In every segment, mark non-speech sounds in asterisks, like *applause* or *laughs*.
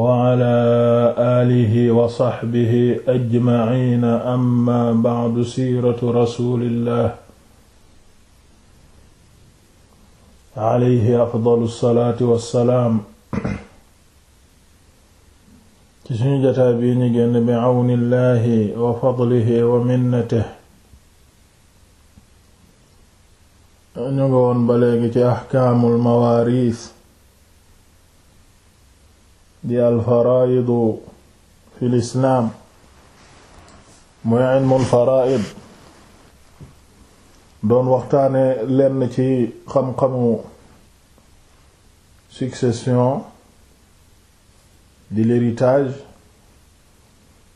wa ala aalihi wa saxbihi ajmaciina amma bacdu siiratu rasuulillah alayhi afdalu salaatu wa salaam ci suñu jotaay bii ñu génn bi cawni llahi wa fadlihi wa minnatihi ñu ngi woon ba léegi ci axkaamul mawaariis di alfaraidu fi lislaam muy ilmul faraid doon waxtaane lenn ci xam-xamu succession di l'héritage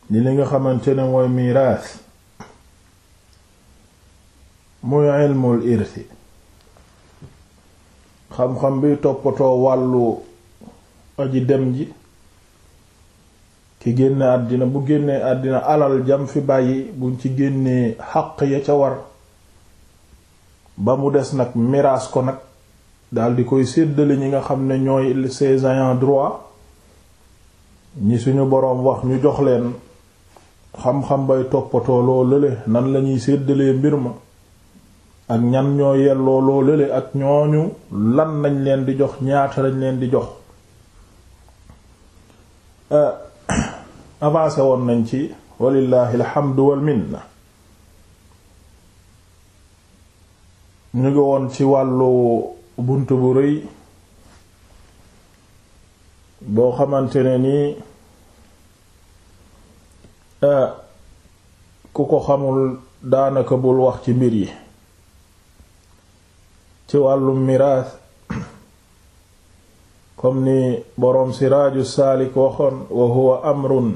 di li nga xamante mooy miraas muy ilmul irsi xam-xam bi toppatoo wàllu aji dem ji ci génne àddina bu génnee àddina alal jam fi bàyyi buñ ci génnee xaq ya ca war ba mu des nag miraas ko nag daldi koy séddale ñi nga xam ne ñooy ses ayants droit ñi suñu boroom wax ñu jox leen xam-xam bay toppatoo loo lële nan lañuy séddalee mbir ma ak ñan ñoo yelloo loo lële ak ñooñu lan lañ leen di jox ñaata lañ leen di jox euh, avancé woon nañ ci walillahi alhamdu wal minna ñu ngi woon ci wàllu bunt bu rëy boo xamante ne nii ku ko xamul daanaka bul wax ci mbir yi ci wàllu miraas comme ni boroom siraaju saalik waxoon wa huwa amrun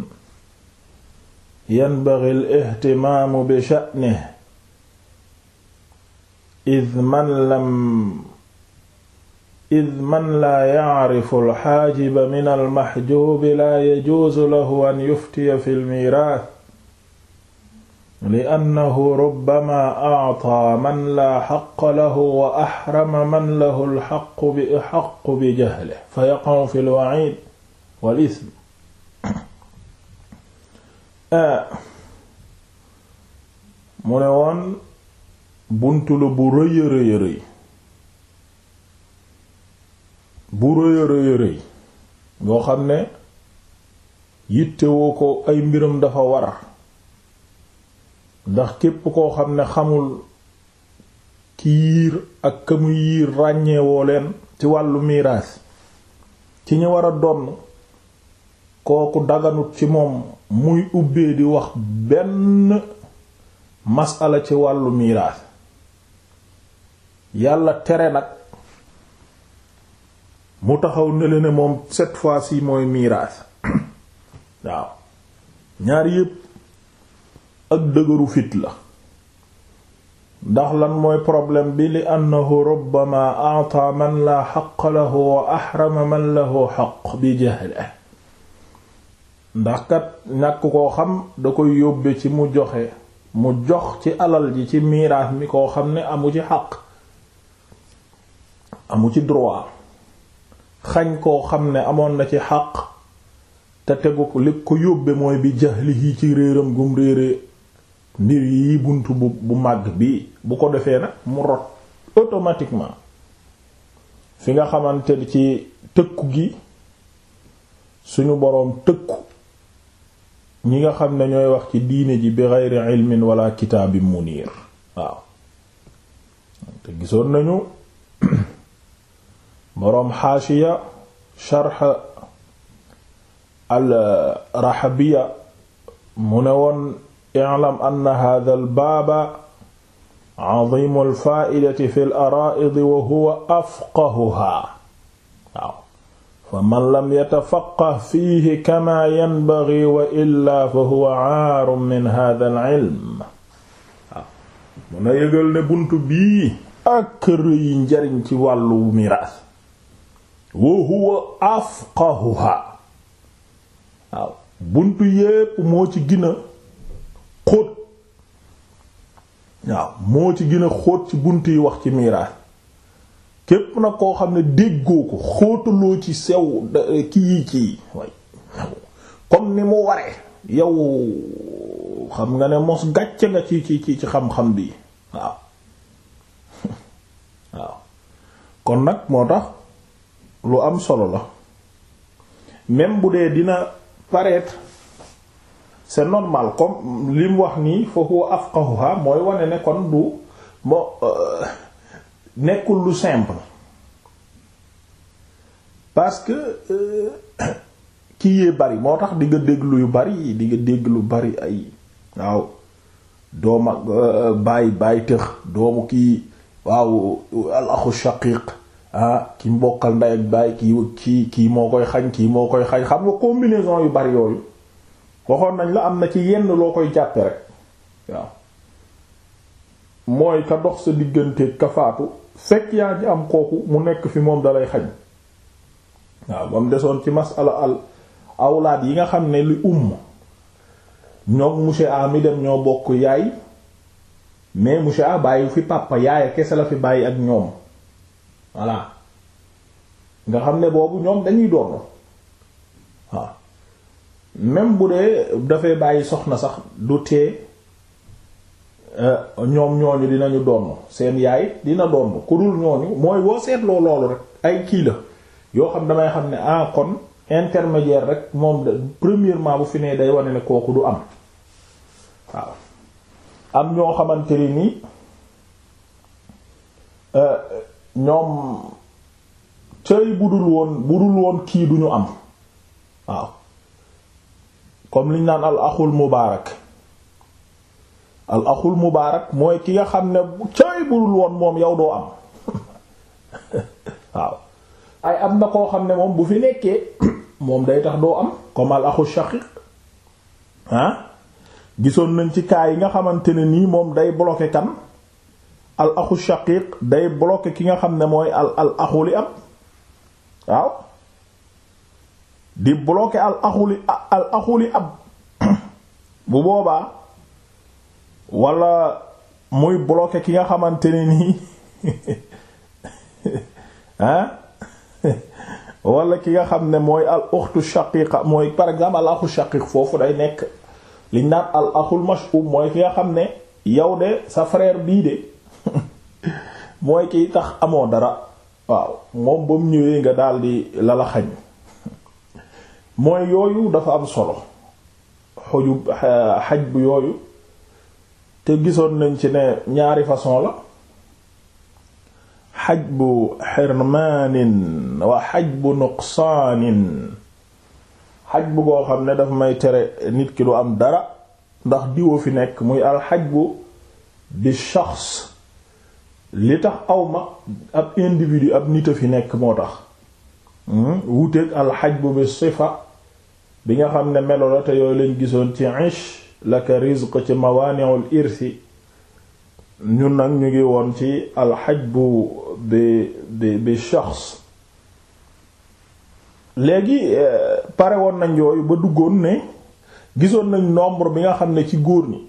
yanbaghi al-ihtimaamu bi sha'nihi id man lam id man laa yacrifu al-xaajiba min al-maxjuubi laa yajuuzu lahu an yuftiya fi al-miiraas li annahu rubbama a'taa man laa xaqa lahu wa axrama man lahu alxaqu bi axaqu bi jahle fa yaqa'u fi lwaciid wal ism mu ne woon bunt la bu rëy a rëy a rëy bu rëy a rëy a rëy boo xam ne yittewoo ko ay mbiram dafa war ndax képp koo xam ne xamul ki yiir ak ka mu yiir ràññeewoo leen ci wàllu miraas ci ñu war a donn kooku daganut ci moom muy ubbee di wax benn masala ci wàllu miraas yàlla tere nag mu taxaw ne le ne moom cette fois-ci mooy miraas *coughs* waaw ñaar yépp ak dëgëru fit la ndax lan mooy problème bi li annahu rubbama a'ta man la xaq lahu wa axrama man lahu xaq bi jahle ndax kat ñàkk koo xam da koy yóbbe ci mu joxe mu jox ci alal ji ci miraas mi koo xam ne amu ci xaq amu ci droit xañ koo xam ne amoon na ci xaq te tegu li ko yóbbe mooy bi jahlihi ci réeram gum réere mbir yi bunt bu bu màgg bi bu ko defee nag mu rot automatiquement fi nga xamante ci tëkku gi suñu boroom tëkku ñi nga xam ne ñooy wax ci diine ji bi ghayri ilmin wala kitaabin munir waaw te gisoon nañu *clears throat* boroom xaashiya sharh al rahabiya mu ne woon i'lam anna hadha al-baaba azimu al-faa'idati fi al-araa'id wa huwa afqahuhaa waaw fa man lam yatafaqqah fiihi kamaa yanbaghii wa illaa fa huwa aarun min hadha al-'ilm waaw mun a yëgal ne bunt bii ak rëy njariñ ci wàllu miraas wa huwa afqahuhaa waaw bunt yépp moo ci gina xóot waaw moo ci gën a xóot ci bunt yi wax ci miraas képp na koo xam ne déggoo ko xóotaloo ci sew kii kii way ni mu waree yow xam nga ne mos gàcce nga ci ci ci xam-xam bi waaw *laughs* waaw kon nag moo tax lu am solo la même bu dee dina paraître c'est normal comme li wax nii fa huwa afqahuha mooy wane ne kon du moo euh, nekkul lu simple parce que euh, kii yee bari moo tax di nga déglu yu bari di nga dégg lu bari ay waaw dooma euh, baay baay tëx doomu kii waaw al axu shaqiq ah ki mbokkal nday ak baay kii kii kii moo koy xañ kii moo koy xañ xam nga combinaison yu bari yooyu waxoon nañ la am na ci yenn loo koy jàppe rek waaw mooy ka dox sa diggante ka faatu fekk yaa ngi am kooku mu nekk fi moom dalay xañ waaw ba mu desoon ci masala al awlaad yi nga xam ne li um ñoog monsieur A mi dem ñoo bokk yaay mais monsieur A bàyyi fi papa yaay kese la fi bàyyi ak ñoom voilà nga xam ne boobu ñoom dañuy doon même bu dee dafay bàyyi soxna sax du tee euh, ñoom ñooñu dinañu doon seen yaay dina doon ku dul ñooñu mooy boo seetloo loolu rek ay kii la yoo xam damay xam ne ah kon intermédiaire rek moom de premièrement bu fi nee day wane ne kooku du am waaw am ñoo xamante ni nii euh, ñoom cëy budul woon budul woon kii duñu am waaw comme liñ naan al axul mubaarak al axul mubaarak mooy ki nga xam ne cay burul woon moom yow doo am *laughs* waaw ay am na koo xam ne moom bu fi nekkee *coughs* moom day tax doo am comme al axul shaqiq ah gisoon nañ ci kaa yi nga xamante ne nii moom day bloqué kan al axul shaqiq day bloqué ki nga xam ne mooy al al axuli am waaw di bloquer al axuli al ab *coughs* bu boobaa walla muy bloquer ki nga xamante ne nii *laughs* ah *laughs* walla ki nga xam ne mooy al uxtu shaqiqa mooy par exemple al axu shaqiq foofu day nekk liñ naan al axul mash'um mooy ki nga xam ne yow de sa frère bii de *laughs* mooy kiy tax amoo dara waaw moom ba mu ñëwee nga daldi lala xañ mooy yooyu dafa am solo xoju eh, xaj bu yooyu te gisoon nañ ci ne ñaari façon la xaj bu xirmaanin wa xaj bu nuqsaanin xaj bu koo xam ne dafa may tere nit ki du am dara ndax diwo fi nekk muy alxaj bu bi shaxs li tax awma ab individu ab nit a fi nekk moo tax hmm? wuuteeg alxaj bu bi sifa bi nga xam ne melo te yooyu lañ gisoon ci ish laka rizq ci mawaani'ul irsi ñun nag ñu ngi woon ci alxajbu bi bi bi shaxs léegi eh, pare woon nañ yooyu ba duggoon ne gisoon nañ nombre bi nga xam ne ci góor ñi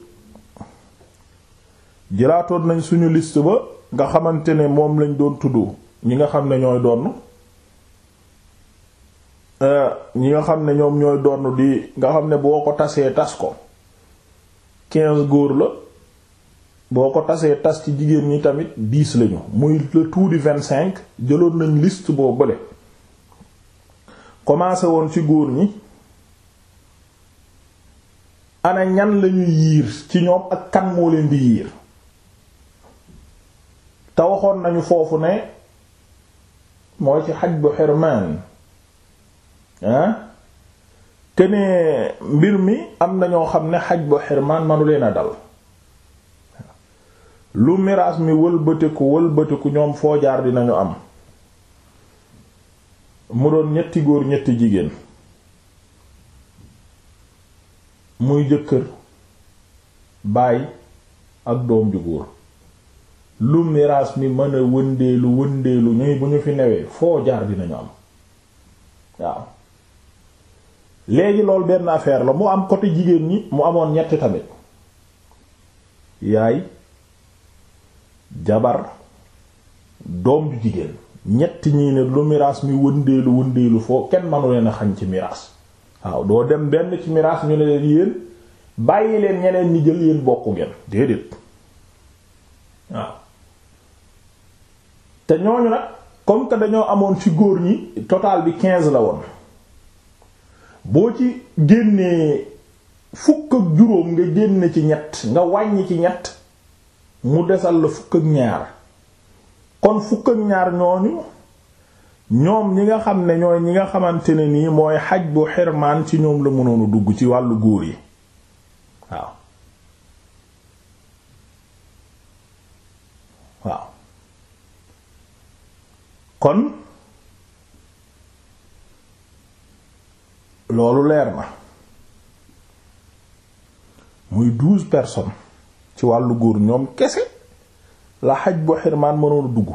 jëlaatoon nañ suñu liste ba nga xamante ne moom lañ doon tudd ñi nga xam ne ñooy doon ñi nga xam ne ñoom ñooy donn di nga xam ne boo ko tasee tas ko quinze góor la boo ko tasee tas ci jigéen ñi tamit biis lañu muy le tout vingt cinq jëloon nañ liste boo bële commencé woon ci góor ñi ana ñan lañuy yiir ci ñoom ak kan moo leen di yiir te waxoon nañu foofu ne moo ci xaj bu xirmaan te ne mbir mi am na ñoo xam ne xaj bu xirmaan manu leen dal lu miraas mi wëlbatiku wëlbatiku ñoom foo jaar dinañu am mu doon ñetti góor ñetti jigéen muy jëkkër baay ak doom ju góor lu miraas mi mën a wëndeelu wëndeelu ñuy bu ñu fi newee foo jaar dinañu am waaw léegi lool benn affaire la mu am côté jigéen ñi mu amoon ñetti tamit yaay jabar doom ju jigéen ñetti ñii ne lu miraas mi wëndeelu wëndeelu foo kenn manu leen a xañ ci miraas waaw doo dem benn ci miraas ñu ne leen yéen bàyyi leen ñeneen ñi jël yéen bokku ngeen déedéet waaw te ñooñu nag comme que dañoo amoon ci góor ñi total bi quinze la woon boo ci génnee fukk ak juróom nga génn ci ñett nga wàññi ci ñett mu desal la fukk ak ñaar kon fukk ak ñaar ñooñu ñoom ñi nga xam ne ñooy ñi nga xamante ne nii mooy xaj bu xirmaan ci ñoom la mënoonu dugg ci wàllu góor yi waaw waaw kon loolu leer na muy douze personnes ci wàllu góor ñoom kese la xaj bu xirmaan mënoon a dugg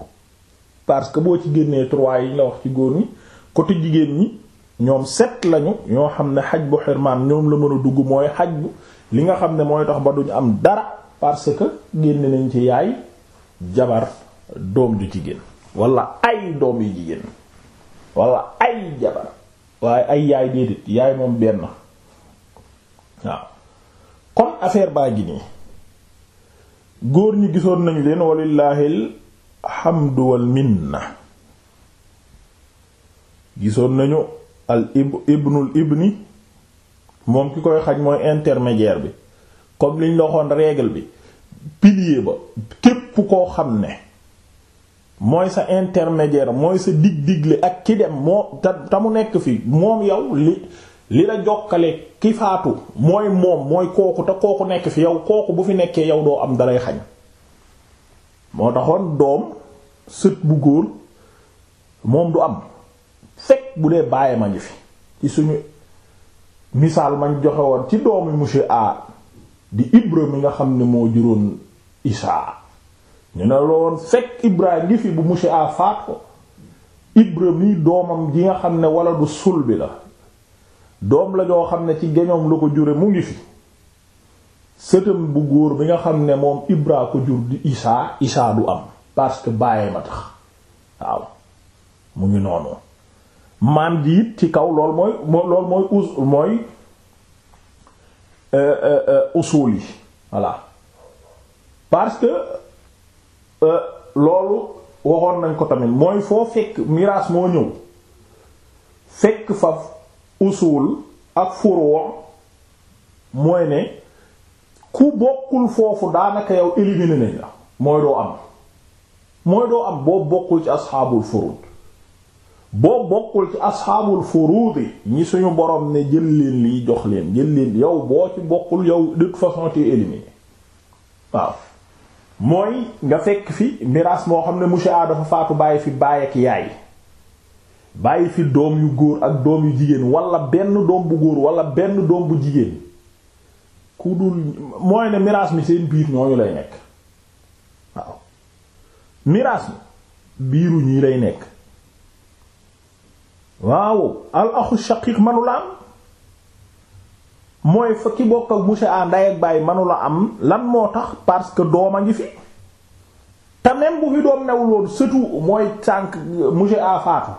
parce que boo ci génnee trois yi la wax ci góor ñi côté jigéen ñi ñoom set lañu ñoo xam ne xaj bu xirmaan ñoom la mën dugg mooy xaj bu li nga xam ne mooy tax ba duñu am dara parce que génne nañ ci yaay jabar doom ju jigéen wala ay doom yu jigéen wala ay jabar waaye ay yaay déedéet yaay moom benn waaw kon affaire baa ngi nii góor ñi gisoon nañu leen walillaahil hamdu wal minna gisoon nañu al ib ibnul ibni moom ki koy xaj mooy intermédiaire bi comme liñ la waxoon règle bi pilier ba képp koo xam ne mooy sa intermédiaire mooy sa dig-digle ak ki dem moo te te mu nekk fi moom yow li li la jokkale ki faatu mooy moom mooy kooku te kooku nekk fi yow kooku bu fi nekkee yow doo am dalay xañ moo taxoon doom sët bu góor moom du am fekk bu dee bàyyi ma ngi fi ci suñu misaal mañ joxewoon woon ci doomi monsieur A di Ibra mi nga xam ne moo juróon Isaa ñu ne loon fekk ibra ngi fi bu monsieur a faat ko Ibra mi doomam ji nga xam ne wala du sul bi la doom la joo xam ne ci geñoom la ko jure mu ngi fi sëtam bu góor bi nga xam ne moom Ibra ko jur di Isaa Isaa du am parce que bàyyee ma tax waaw mu ngi noonu maam ji it ci kaw lool mooy lool mooy euh, euh, euh, usul yi voilà parce que Euh, loolu waxoon nañ ko tamit mooy foo fekk miraas moo ñëw fekk fa usul ak furoo mooy ne ku bokkul foofu daanaka yow éliminé nañ la mooy doo am mooy doo am boo bokkul ci asxaabul furud boo bokkul ci asxaabul furud ñi suñu borom ne jël leen lii jox leen jël leen yow boo ci bokkul yow de façon t'es éliminé waaw mooy nga fekk fi miraas moo xam ne monsieur A dafa faatu bàyyi fi baay ak yaay bàyyi fi doom yu góor ak doom yu jigéen wala benn doom bu góor wala benn doom bu jigéen ku dul mooy ne miraas mi seen biir ñooñu lay nekk waaw miraas mi biiru ñii lay nekk waaw al axu manula am mooy fa ki bokk ak monsieur A nday ak bàyyi manula am lan moo tax parce que doom a ngi fi te bu fi doom newul woon surtout mooy tànk monsieur A faatu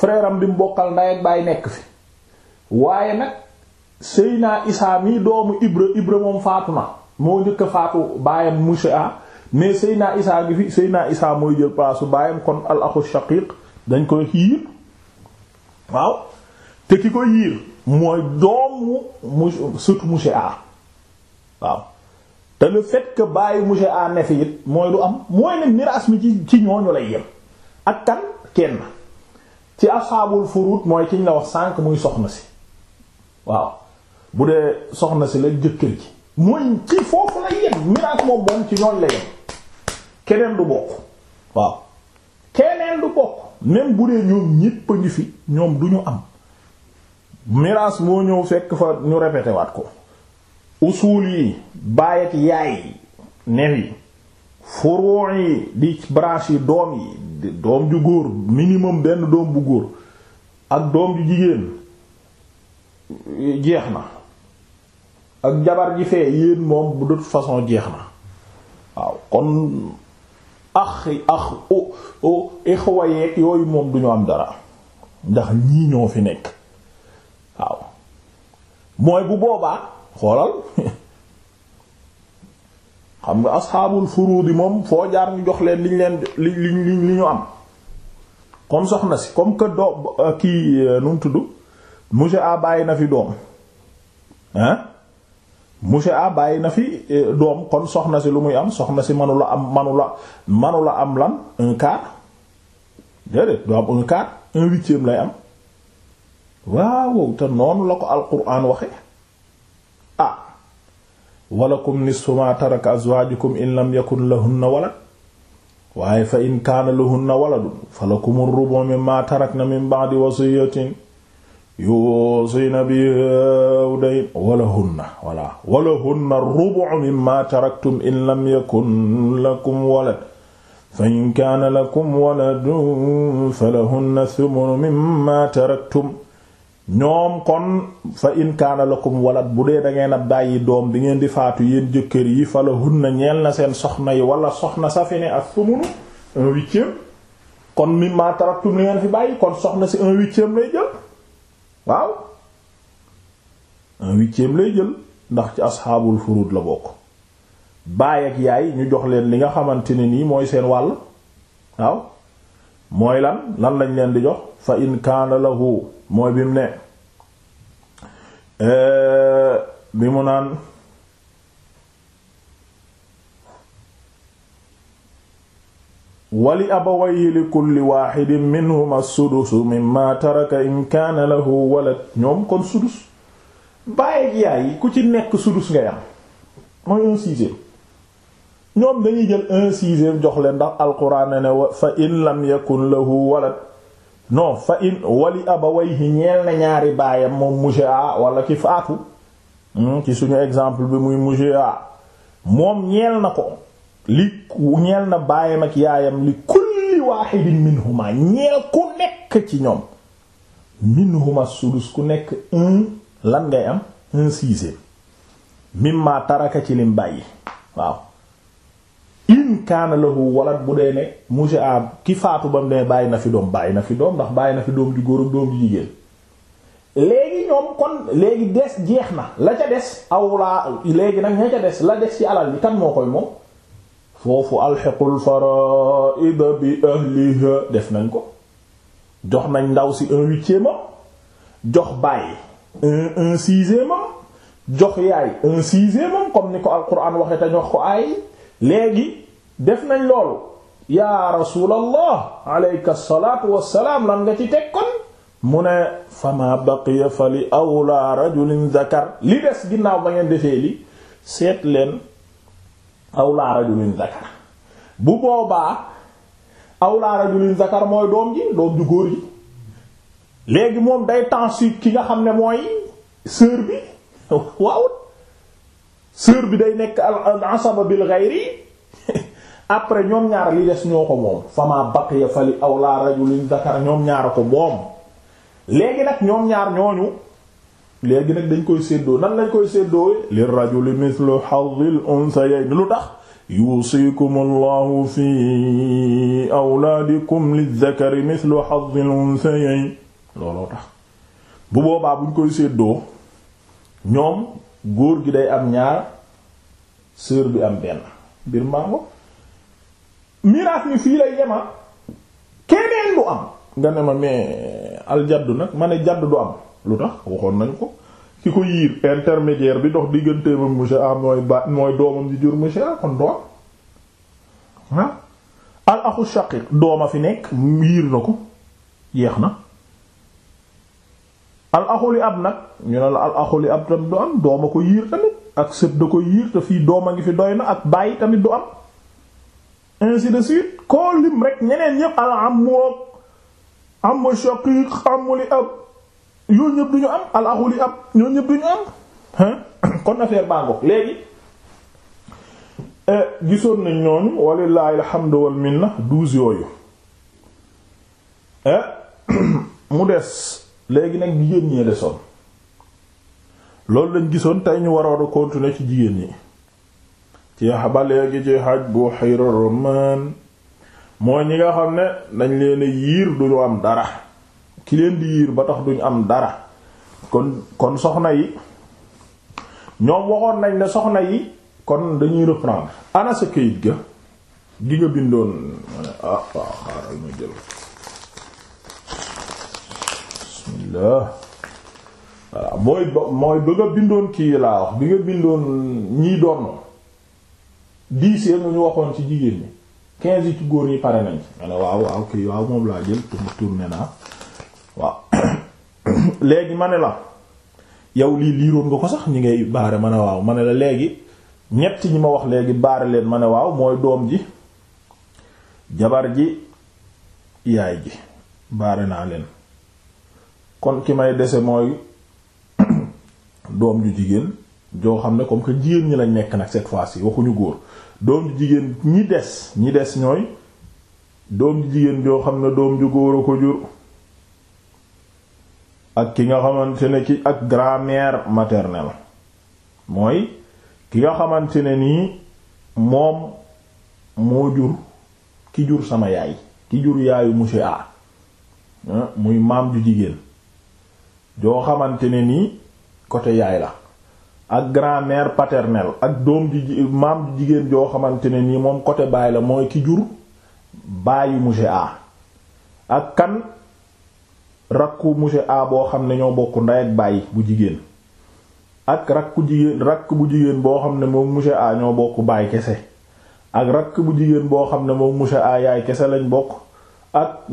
frère am bi mu bokkal nday ak bàyyi nekk fi waaye nag Seyna Isa mi doomu Ibra Ibra moom faatu na moo njëkk a faatu baayam monsieur A mais Seyna Isa gi fi Seyna Isa mooy jël place baayam kon al akhu shaqiq dañ koy yiir waaw te ki ko yiir mooy doomu mu surtout monsieur A waaw te le fet que bàyyi monsieur A mooy du am mooy ne miraas mi ci ci ñooñu lay yem ak kan kenn ci asxaabul furut mooy kiñ la wax sànq muy soxna si waaw bu dee soxna si la jëkkër ji mooy ci foofu lay yem miraas moom moom ci ñooñu lay yem keneen du bokk waaw keneen du bokk même bu dee ñoom ñépp a fi ñoom du ñu am. miraas moo ñëw fekk fa ñu répété waat ko usul yi baay ak yaay yi neef yi furuu yi di branche yi doom yi doom ju góor minimum benn doom bu góor ak doom ju jigéen jeex na ak jabar ji fee yéen moom bu dut façon jeex na waaw kon ax ax o o ixwa yeeg yooyu moom duñu am dara ndax ñii ñoo fi nekk mooy bu boobaa xoolal *laughs* xam nga asxaabul furuudi moom foo jaar ñu jox leen liñ leen li li ñu am comme soxna si comme que do kii nu mu tudd monsieur A bàyyi na fi doom hein monsieur bàyyi na fi eh, doom kon soxna si lu muy am soxna si manu la am manu la manu la am lan un quart déedéet du am un quart lay am waaw te noonu la ko alquran waxe ah walakum nisfu ma taraka azwajukum in lam yakun lahunna walad waaye fa in kaana lahunna waladun falakum ar-rubu mimma tarakna min ba'di wasiyatin yusina biha dayn walahunna wala walahunna ar-rubu mimma taraktum in lam yakun lakum walad fa in kaana lakum waladun falahunna thumunu mimma taraktum ñoom kon fa in kaana lakum walad bu dee da ngeen bàyyi doom bi ngeen di faatu yéen jëkkër yi fa la hunna ñeel na seen soxna yi wala soxna sa fi ne ak sumunu un huitième kon mimma taraktum li ngeen fi bàyyi kon soxna si un huitième lay jël waaw un huitième lay jël ndax ci asxaabul furud la bokk baay ak yaay ñu jox leen li nga xamante ne nii mooy seen wàll waaw mooy lan lan lañ leen di jox fa in kaana lahu mooy bi mu ne euh, bi mu naan wali abawayhi li kulli waaxidin minhuma sudusu mimma taraka in kaana lahu walad ñoom kon sudus bàyyi ak yaay ku ci nekk sudus ngay am mooy un sixième ñoom dañuy jël un sixième jox leen ndax alquran ne wa fa in lam yakun lahu walad fa in wali abawayhi ñeel na ñaari baayam moom mujaa wala ki faatu hmm, ci suñu exemple bi muy mujaa moom ñeel na ko li ñeel na baayam ak yaayam li kulli wahidin minhuma ñeel ku nekk ci ñoom minhuma sulus ku nekk un lan ngay am un sixième mimma taraka ci lim bàyyi waaw in kaana lahu bu dee mu monsieur ab ki faatu ba mu bàyyi na fi doom bàyyi na fi doom ndax bàyyi na fi doom di góor ak doom ju jigéen léegi ñoom kon léegi des jeex na la ca des aw laa léegi nag ña ca des la des ci alal bi kan moo koy moom foofu alxiqul fara'id bi ahliha def nañ ko jox nañ ndaw si un huitième jox bàyyi un un sixième jox yaay un sixième comme ni ko alquran waxe te ñox ko ay léegi def nañ loolu yaa rasulallah alayka salaatu salaam lan nga ci teg kon mu ne fama baqiya fa li awla rajulin zakar li des ginnaaw ba ngeen defee li seet leen awla rajulin zakar bu boobaa awla rajulin zakar mooy doom ji doom ju ji léegi moom day temps si ki nga xam ne mooy sœur bi *laughs* waaw sœur bi day nekk al asaba bil ghayri *laughs* après ñoom ñaar li des ñoo ko moom fama baqiya aw awla rajulin dakar ñoom ñaar ko moom léegi nag ñoom ñaar ñooñu léegi nag dañ koy seddoo nan lañ koy séddoo li rajuli mithlu hadhil unsayayn lu tax yusikum allahu fi awlaadikum lidhakari mithlu hadhil unsayayn looloo tax bu boobaa buñ koy séddoo ñoom góor gi day am ñaar sœur bi am benn mbir maa ngo miraas mi fii lay yema keneen du am nga ne ma mais aljaddu nag ma ne jaddu du am lu tax waxoon nañ ko ki ko yiir intermédiaire bi dox diggante ba monsieur A mooy ba mooy doomam di jur monsieur dooma fi nekk yiir na na al axu li ab nag ñu ne al axu li ab tam du am dooma ko yiir tamit ak sët da ko yiir te fii dooma ngi fi doy na ak bàyyi tamit du am ainsi de suite koo lim rek ñeneen ñëpp al ammu ab yoo ñëpp duñu am al axu li ab ñoo ñëpp duñu am *coughs* kon affaire baa ngoog léegi eh, gisoon nañ ñooñu walillahi alhamdu wal minna douze yooyu eh, *coughs* mu des léegi nag jigéen ñee desoon loolu lañ gisoon tey ñu war a war a continuer ci jigéen ñi ci ba léegi ci xaj bu xirroman mooy ñi nga xam ne dañ leen yiir duñu am dara ki leen di yiir ba tax duñu am dara kon kon soxna yi ñoom waxoon nañ ne soxna yi kon dañuy reprendre ana sa kayit ga gi nga bindoon ah, mooy mooy ba bindoon kii laa wax bi nga bindoon ñiy doon dix yi ñu waxoon ci jigéen ñi quinze yi ci góor ñi pare nañ ma ne waaw waaw kii waaw moom laa jël tourné naa waaw *coughs* léegi ma ne la yow lii liiroon nga ko sax ñi ngay baare ma ne waaw ma ne la léegi ñett ñi ma wax léegi baare leen ma ne waaw mooy doom ji jabar ji yaay ji baare naa leen kon ki may dese mooy *coughs* doom ju jigéen joo xam ne comme que jigéen ñi lañ nekk nag cette fois-ci waxuñu góor doom jigéen ñi des ñi des ñooy doom jigéen joo xam ne doom ju góor a ko jur ak ki nga xamante ne ki ak grand-mère maternelle mooy ki nga xamante ne nii moom moo jur ki jur sama yaay ki jur yaayu monsieur A ah, muy maam ju jigéen joo xamante ne nii côté yaay la ak grand-mère paternelle ak doom ji maam jigéen joo xamante ne nii moom côté baay la mooy ki jur bàyyi monsieur A ak kan rakku monsieur A boo xam ne ñoo bokk ndey ak baay bu jigéen ak rakku jigéen rakk bu jigéen boo xam ne moom monsieur A ñoo bokk kese ak rakk bu jigéen boo xam ne moom monsieur A yaay kese lañ bokk ak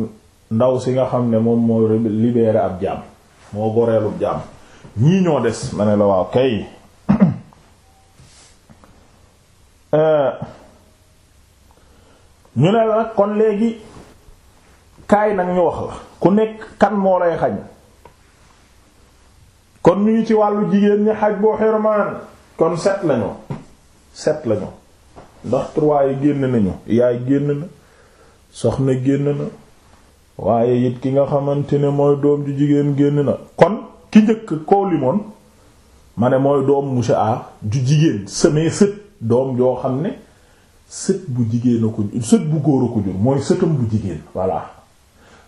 ndaw si nga xam ne moom moo libéré ab jaam moo goreelub jaam ñii ñoo des ma ne la waaw kay Euh, ñu ne la nag kon léegi kaay nag ñu wax la ku nekk kan moo lay xaj kon ñu ngi ci wàllu jigéen ñi xaj boo xirmaan kon set lañu set lañu ndax trois yi génn nañu yaay génn na soxna génn na waaye it ki nga xamante ne mooy doom ju jigéen génn na kon ki njëkk koo limoon ma ne mooy doom monsieur A ju jigéen semee sët doom joo xam ne sët bu jigéen ko sët bu góor a ko jur mooy sëtam bu jigéen voilà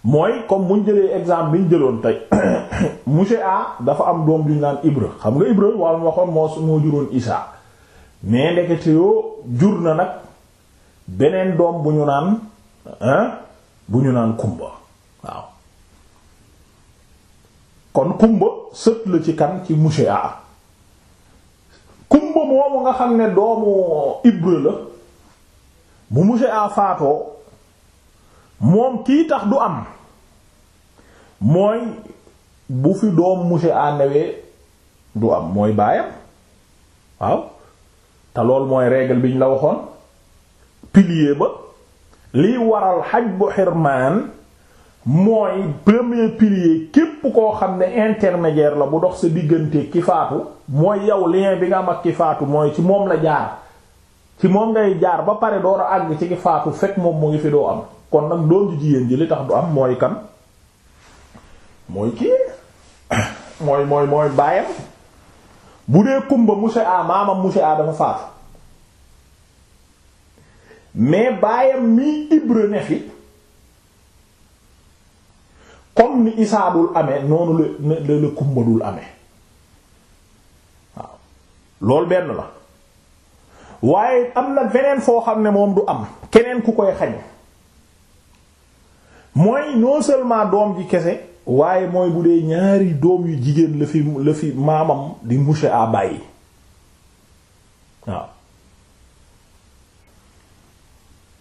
mooy comme muñ jëlee exemple bi ñu jëloon tey *coughs* monsieur A dafa am doom ju ñu naan Ibra xam nga Ibra waaw ma waxoon moo su moo juróon Isaa mais ndekete yoo jur na nag beneen doom bu ñu naan hein bu ñu naan Kumba waaw kon Kumba sët la ci kan ci monsieur A moomu nga xam ne doomu Ibra la bu monsieur a faatoo moom kii tax du am mooy bu fi doom monsieur newee du am mooy baayam waaw te loolu mooy règle bi ñu la waxoon pilier ba liy waral xaj bu xirmaan mooy premier pilier képp koo xam ne intermédiaire la bu dox sa diggante ki faatu mooy yow lien bi nga am ak ki faatu mooy ci moom la jaar ci moom ngay jaar ba pare door a ci ki faatu fekk moom mu ngi fi doo am kon nag doom jigéen ji li tax du am mooy kan mooy kii *coughs* mooy mooy mooy baayam bu dee kumba monsieur A maamam monsieur A dafa faatu mais baayam mi Ibra ne fi comme ni isaadul amee noonu la la la kumbadul amee waaw loolu benn la waaye am na beneen foo xam ne moom du am keneen ku koy xañ mooy non seulement doom ji kese waaye mooy bu dee ñaari doom yu jigéen la fi la fi maamam di mouche à bàyyi waaw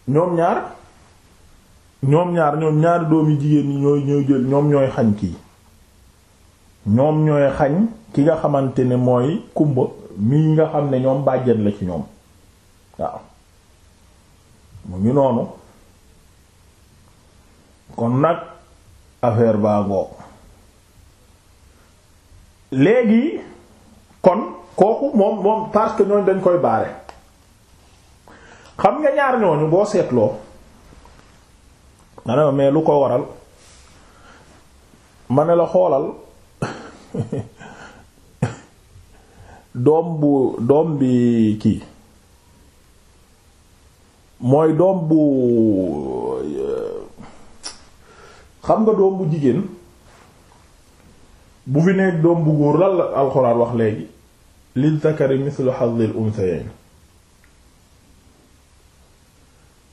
ñoom ñaar ñoom ñaar ñoom doom yi jigéen ñi ñooy ñooy jël ñoom ñooy xañ kii ñoom ñooy xañ ki nga xamante ne mooy kumba mii nga xam ne ñoom bàjjen la ci ñoom waaw mu ngi noonu kon nag affaire baa ngoo léegi kon kooku moom moom parce ñooñ dañ koy baare xam nga ñaar ñooñu boo seetloo nga ne ma lu ko waral ma ne la xoolal *laughs* doom bu doom bi kii mooy doom bu euh, xam nga doom bu jigéen bu fi nekk doom bu góor lal la alxuraan wax léegi lil zakari mithlu hazzil unthayayn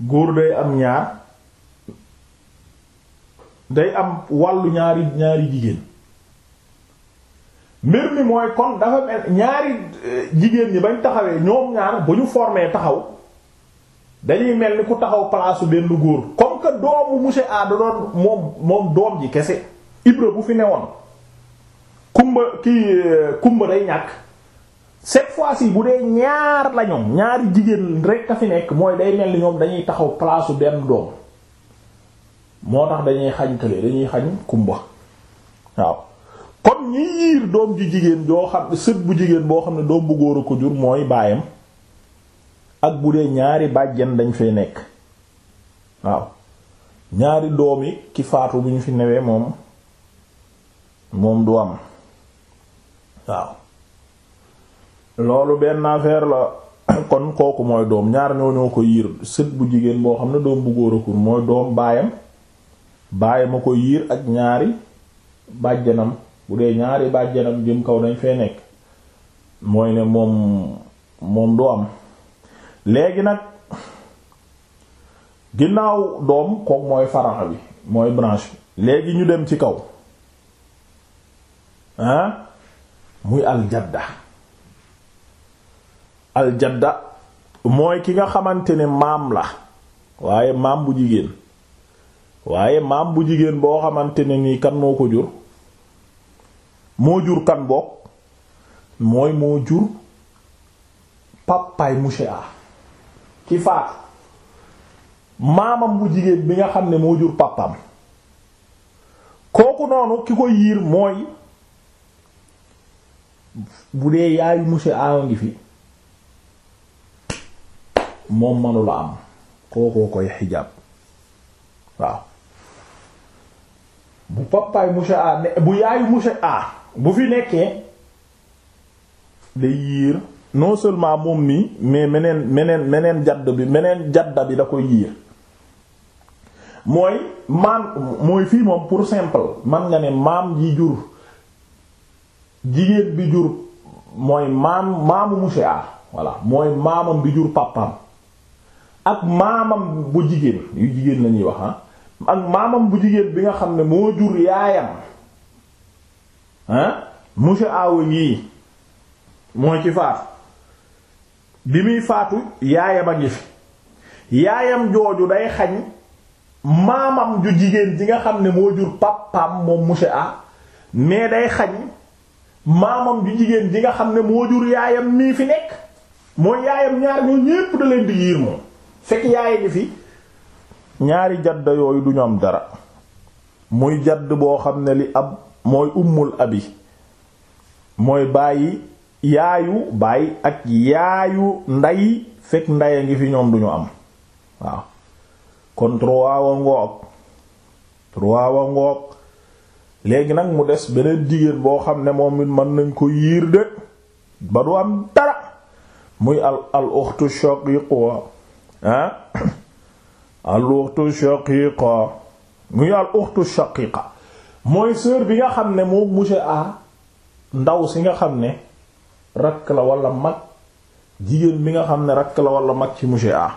góor day am ñaar day am wàllu ñaari ñaari jigéen mbir mi mooy kon dafa mel ñaari eh, jigéen ñi bañ taxawee ñoom ñaar bu ñu formee taxaw dañuy mel ni ku taxaw palaasu benn góor comme que doomu monsieur A da doon moom moom doom ji kese Ibra bu fi newoon kumba kii eh, kumba day ñàkk cette fois-ci bu dee ñaar la ñoom ñaari jigéen rek a fi nekk mooy day mel ni ñoom dañuy taxaw palaasu benn doom. moo tax dañuy xañ kële dañuy xañ kumba waaw kon ñi yiir doom ju jigéen joo xam sët bu jigéen boo xam ne doom bu góor a ko jur mooy baayam ak bu ñaari bàjjen dañ fay nekk waaw ñaari doomi bu ñu fi newee moom moom du am waaw loolu benn affaire la *coughs* kon kooku mooy doom ñaar ñoo jigéen boo xam ne doom bu mooy doom baayam bàyyi ma ko yiir ak ñaari bàjjanam bu dee ñaari bàjjanam jëm kaw dañ fee nekk mooy ne moom moom du am léegi nag ginnaaw doom kook mooy farax bi mooy branche léegi ñu dem ci kaw ah muy aljadda aljadda mooy ki nga xamante ne maam la waaye maam bu jigéen waaye maam bu jigéen boo xamante ne nii kan moo ko jur moo jur kan bokk mooy moo jur papaay monsieur A ki faat maamam bu jigéen bi nga xam ne moo jur papam kooku noonu ki ko yiir mooy bu dee yaayu monsieur A ngi fi moom manula am kookoo koy xijaab waaw bu papaay monsieur bu yaayu monsieur A bu fi nekkee day yiir non seulement moom mi mais meneen meneen meneen jadd bi meneen jadda bi da koy yiir mooy maam mooy fii moom pour simple man nga ne maam ji jur jigéen bi jur mooy maam maamu monsieur A mooy maamam bi jur papam ak maamam bu jigéen yu jigéen lañuy wax ah. ak maamam bu jigéen bi nga xam ne moo jur yaayam ah monsieur awa ngii moo ci faatu bi muy faatu yaayam a ngi fi yaayam jooju day xañ maamam ju jigéen ji nga xam ne moo jur papam moom monsieur a mais day xañ maamam ju jigéen ji nga xam ne moo jur yaayam mii fi nekk mooy yaayam ñaar ñoo ñépp da leen di yiir moom fekk yaay gi fi ñaari jadd yooyu duñu am dara muy jàdd boo xam ne li ab mooy ummul abi mooy bàyyi yaayu baay ak yaayu nday fekk ndaya ngi fi ñoom duñu am waaw kon trois wa ngoog trois wa ngoog léegi nag mu des beneen jigéen boo xam ne moom it mën nañ ko yiir de ba du am dara muy al al uxtu shaqiqa ah al uxtu shaqiqa muy al uxtu shaqiqa mooy sœur bi nga xam ne moo monsieur a ndaw si nga xam ne rakk la wala mag jigéen bi nga xam ne rakk la walla mag ci monsieur a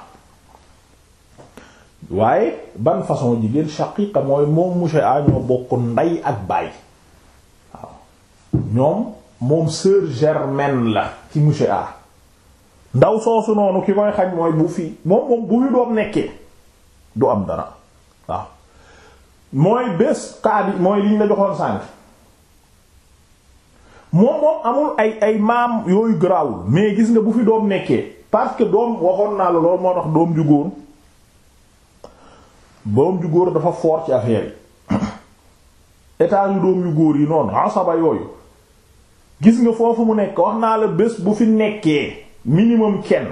waaye ban façon jigéen shaqiqa mooy moom monsieur a ñoo bokk ndey ak baay waaw ñoom moom sœur germaine la ci monsieur a ndaw soosu noonu ki koy xañ mooy bu fi moom moom bu fi doom nekkee du am dara waaw mooy bés kaa bi mooy liñ la joxoon sànk moom moom amul ay ay maam yooyu garaawul mais gis nga bu fi doom nekkee parce que doom waxoon naa la loolu moo tax doom ju góor doom ju góor dafa fort ci affaire yi *coughs* état yu doom yu góor yi noonu asaba yooyu gis nga foofu mu nekk wax naa la bés bu fi nekkee minimum kenn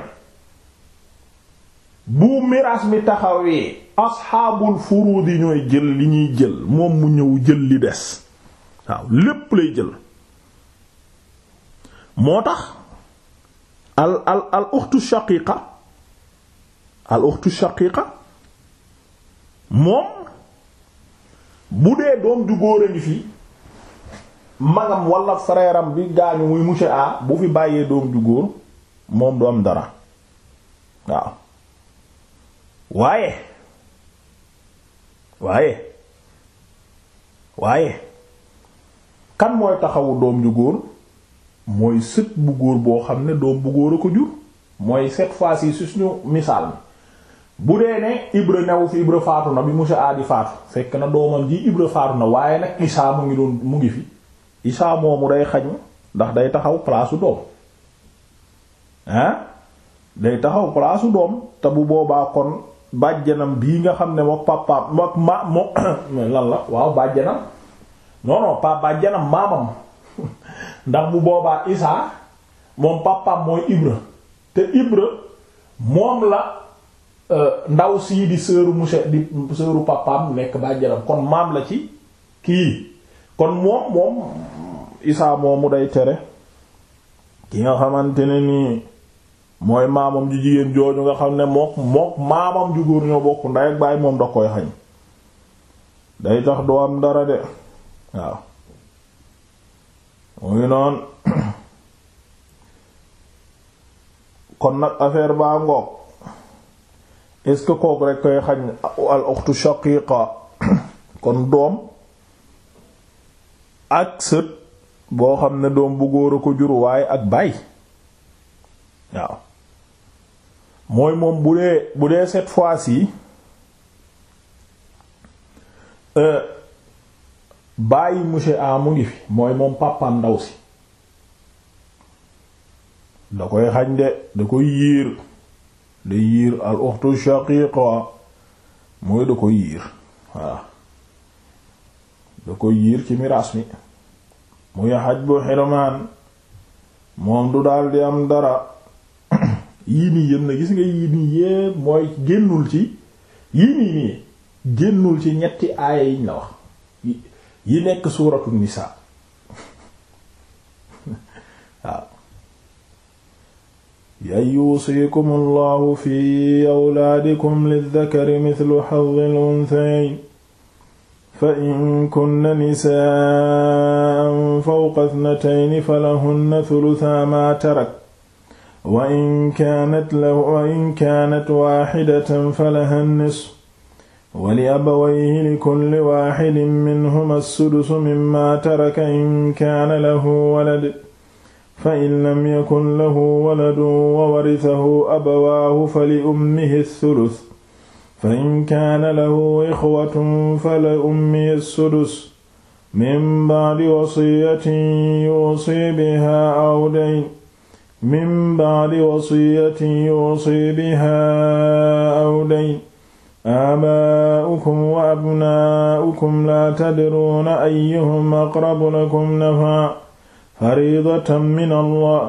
bu miraas mi taxawee asxaabul furuud yi ñooy jël li ñuy jël moom mu ñëw jël li des waaw lépp lay jël moo tax al al al uxtu shaqiiqa al uxtu shaqiiqa moom bu dee doom ju góor a ngi fi magam walla frère bi gaañu muy monsieur A bu fi bàyyee doom ju góor moom du am dara waaw waaye waaye waaye kan mooy taxawu doom ju góor mooy sët bu góor boo xam ne doom bu góor a ko jur mooy cette fois-ci si suñu misaal mi bu dee ne Ibra newu fi na bi monsieur aadi faatu fekk na doomam ji Ibra faatu na waaye nag Isaa mu ngi doon mu ngi fi Isaa mu day xañu ndax day taxaw palaasu doom ah day taxaw palaasu doom te bu boobaa kon bàjjanam bii nga xam ne mook papa mook ma mo *coughs* lan la waaw bàjjanam non non pas bàjjanam maamam *laughs* ndax mu boobaa issa moom papaam mooy Ibra te Ibra moom la euh, ndaw sii di sëru monsieur di sëru papaam nekk bàjjanam kon maam la ci kii kon moom moom Isaa moomu day tere ki nga xamante ne nii mooy maamam ju jigéen jooju nga xam ne mook mook maamam ju góor ñoo bokk ndey ak baay moom da koy xañ day tax doo am dara de waaw mu ngi noonu *coughs* kon nag affaire baa ngoog est-ce que kooku rek koy xañ al uxtu shaqiqa *coughs* kon doom ak sët boo xam ne doom bu góor a ko jur waaye ak baay waaw mooy moom bu dee bu dee cette fois-ci euh, bàyyi monsieur A mu ngi fi mooy moom pàppam ndaw si da koy xañ de da koy yiir da yiir al ukhtu shaqiqa mooy da koy yiir waaw da koy yiir ci miraas mi muy xaj bu xirmaan moom du daldi am dara yii nii yëm na gis nga yii nii yépp mooy génnul ci yii nii nii génnul ci ñetti aaya yiñ la wax yi nekk suuratu nisaa *laughs* waaw yan yuusikum allahu fi awlaadikum liddakari mithlu hazzil unthayayn fa in kunna nisaa'an fawqa ithnatayni falahunna thuluthaa maa tarak wa in kaanat lahu wa in kaanat waaxidatan falaha nisf wa li abawayhi likulli waaxidin minhuma sudusu mimma taraka in kaana lahu walad fa in lam yakun lahu waladun wa warisahu abawaahu fa li ummihi sulus fa in kaana lahu ixwatun fa li ummihi sudus min ba'di wasiyatin yuusi biha aw dayn min ba'di wasiyatin yusi biha aw dayn abaa'ukum wa abnaa'ukum laa tadruuna ayyuhum aqrabu lakum naf'an fariidatan min allah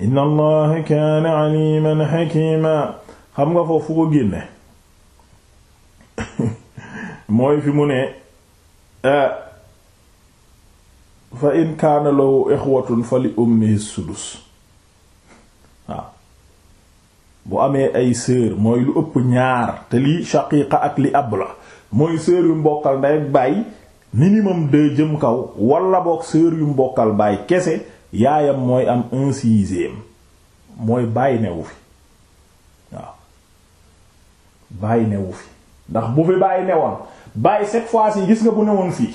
inna allaha kaana aliman xakima xam nga foofu ko génne *laughs* mooy fi mu ne fa in kaana lahu ixwatun fa li ummihi sudus waaw bu amee ay sœur mooy lu ëpp ñaar te li shaqiqa ak li ab la mooy sœur yu mbokkal ndey ak baay minimum deux jëm kaw wala boog sœur yu mbokkal baay kese yaayam mooy am un sixième mooy baay newu fi waaw baay newu fi ndax bu fi baay newoon baay cette fois yi gis nga bu newoon fii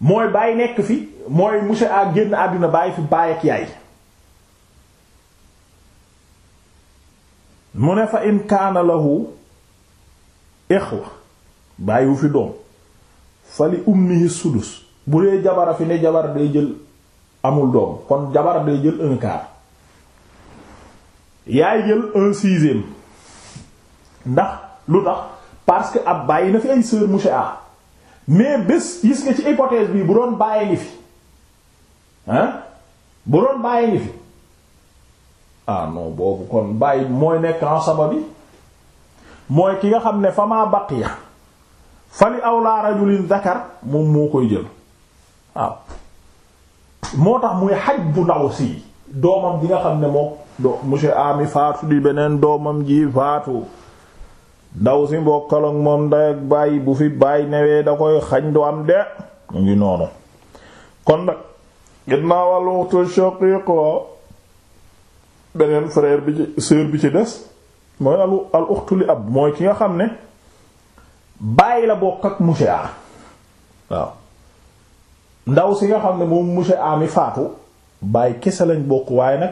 mooy baay nekk fi mooy monsieur a génn àdduna baay fi baay ak yaay mu ne fa in kaana lahu ixwa fi doom fa li ummihi sudus bu dee jabara fi ne jabar day jël amul doom kon jabar day jël un quart yaay jël un sixième ndax lu tax parce que ab bàyyi na fi ay sœur monsieur mais bés gis nga ci hypothèse bi bu doon bàyyi ngi fi hein bu doon bàyyi ngi fi ah non boobu kon bàyyi mooy nekk asaba bi mooy ki nga xam ne fa maa baqiya aw awla rajulin zakar moom moo koy jël waaw ah. moo tax muy xaj bu ndaw si doomam bi nga xam ne moom do monsieur ami faatu di beneen doomam ji faatu ndaw si mbokkaloog moom nday bàyyi bu fi bàyyi newee da koy xañ du am de mu ngi noonu kon nag ginnaaw al ukhtu shaqiqa beneen frère bi ci sœur bi ci des mooy al al uxtu ab mooy ki nga xam ne bàyyi la bokk ak monsieur waaw ndaw si nga xam ne moom monsieur A mi faatu bàyyi kese lañ bokk waaye nag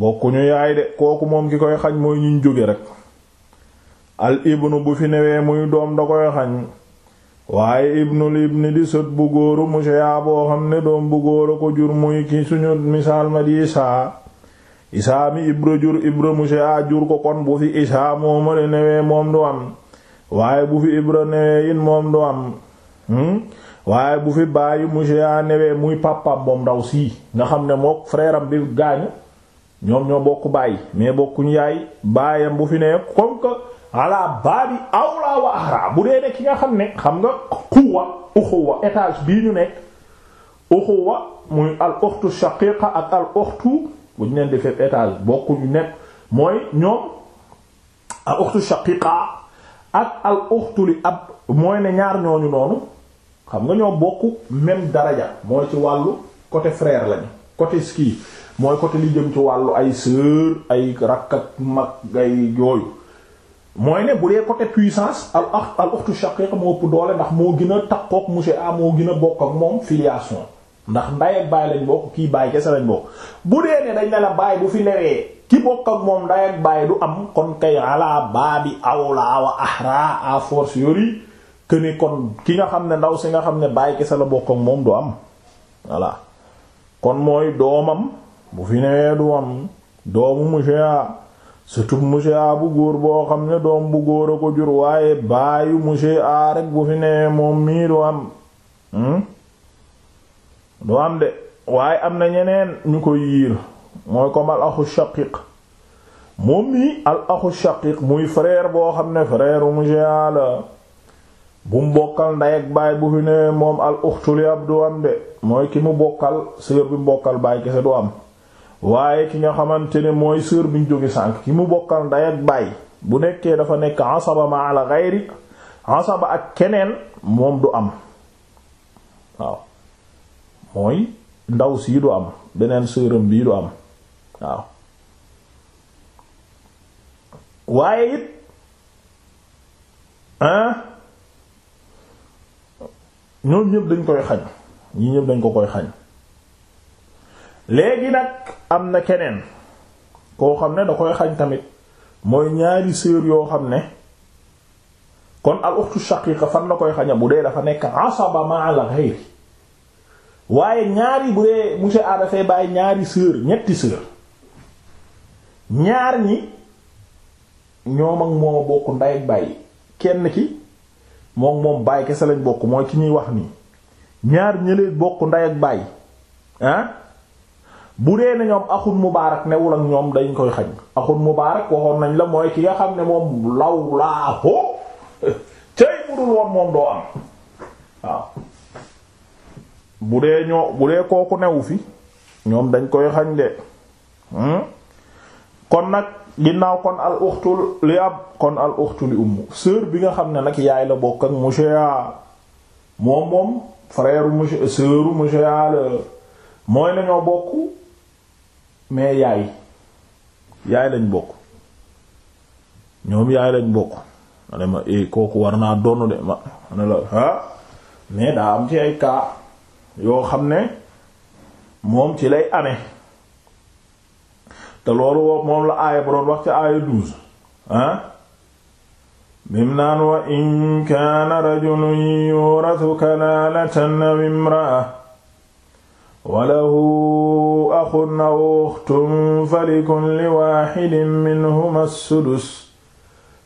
bokkuñu yaay de kooku moom ki koy xañ mooy ñu jóge rek al ibnu bu fi newee muy doom da koy xañ waaye ibnul ibni di sët bu góoru boo xam ne doom bu a ko jur muy ki suñu misaal ma di saa isaami ibra jur ibra muse a jur ko kon bu fi isaa moomale newee moom du am waaye bu fi ibra newee in moom du am hmm? waaye bu fi bàyyi muse a newee muy pàppam moom ndaw sii nga xam ne mook frère am bi gaañu ñoom ñoo bokk bàyyi mais bokkuñ yaay baayam bu fi newee comme que ala baabi awla wa ahra bu dee ne nga xam ne xam nga xuwa uxuwa bii ñu nekk uxuwa muy al uxtu shaqiqa ak al uxtu bu ñu leen defee étage bokkuñu nekk mooy ñoom al uxtu shaqiqa ak al uxtu li ab mooy ne ñaar ñooñu noonu xam nga ñoo bokk même daraja mooy ci wàllu côté frère lañu côté ski mooy côté li jëm ci wàllu ay sœur ay rakk mag ay yooyu mooy ne bu dee côté puissance al al uxtu shaqiqa moo ëpp doole ndax moo gën a takkook monsieur A moo gën a bokk ak moom filiation ndax nday ak baay lañ bokk kii baay kese lañ bokk bu dee ne dañ ne la baay bu fi newee ki bokk ak moom nday ak baay du am kon kay ala baabi awla wa ahra à force yori que kon ki nga xam ne ndaw si nga xam ne baay kese la bokk ak moom du am voilà kon mooy doomam bu fi newee du am doomu monsieur surtout monsieur bu góor boo xam ne doom bu góor a ko jur waaye baayu monsieur rek bu fi newee moom mii du am. Hmm? doo am de waaye am na ñeneen ñu ko yiir mooy comme al axu shaqiq moom nii al axu shaqiq muy frère boo xam ne frère mu géant la bu mu bokkal ndey ak baay bu fi ne moom al uxtuli ab du am de mooy ki mu bokkal sœur bi mu bokkal baay kese du am waaye ki nga xamante ne mooy sœur bi ñu jóge sànk ki mu bokkal nday ak baay bu nekkee dafa nekk asaba ma ala gayri asaba ak keneen moom du am waaw mooy ndaw sii du am beneen sërëm bii du am waaw waaye it ñoom ñëpp dañ koy xañ ñi ñëpp dañ ko koy xañ léegi nag am na keneen koo xam ne da koy xañ tamit mooy ñaari sœur yoo xam ne kon al ukhtu fan la koy xaña bu dee dafa nekk asaba ma al ghayri waaye ñaari bu dee monsieur A dafay bàyyi ñaari sœur ñetti sœur ñaar ñi ñoom ak moom bokk nday ak bàyyi kenn ki moom moom bàyyi kese lañ bokk mooy ki ñuy wax nii ñaar ñëlee bokk ndey ak bàyyi ah bu dee na ñoom axun mubaarak newul ak ñoom dañ koy xañ axun mubaarak waxoon nañ la mooy ki nga xam ne moom law laa hoo *laughs* cay budul woon moom doo am waaw bu dee ñoo bu dee kooku newu fi ñoom dañ koy xañ de hmm? kon nag ginnaaw kon al uxtul li ab kon al uxtul li ummu bi nga xam ne nag yaay la bokk ak monsieur yaa moom moom frère monsieur sœuru monsieur la mooy nañoo bokk mais yaay yaay lañ bokk ñoom yaay lañ bokk ma ne ma eh, kooku war naa donn de ma ne la ah mais daa am ci ay cas yoo xam ne moom ci lay amee te moom la aaya ba doon wax ca aaya douze ah bim naan wa in kaana rajulun yurathu kalaalatan aw imra'a wa lahu axun aw uxtun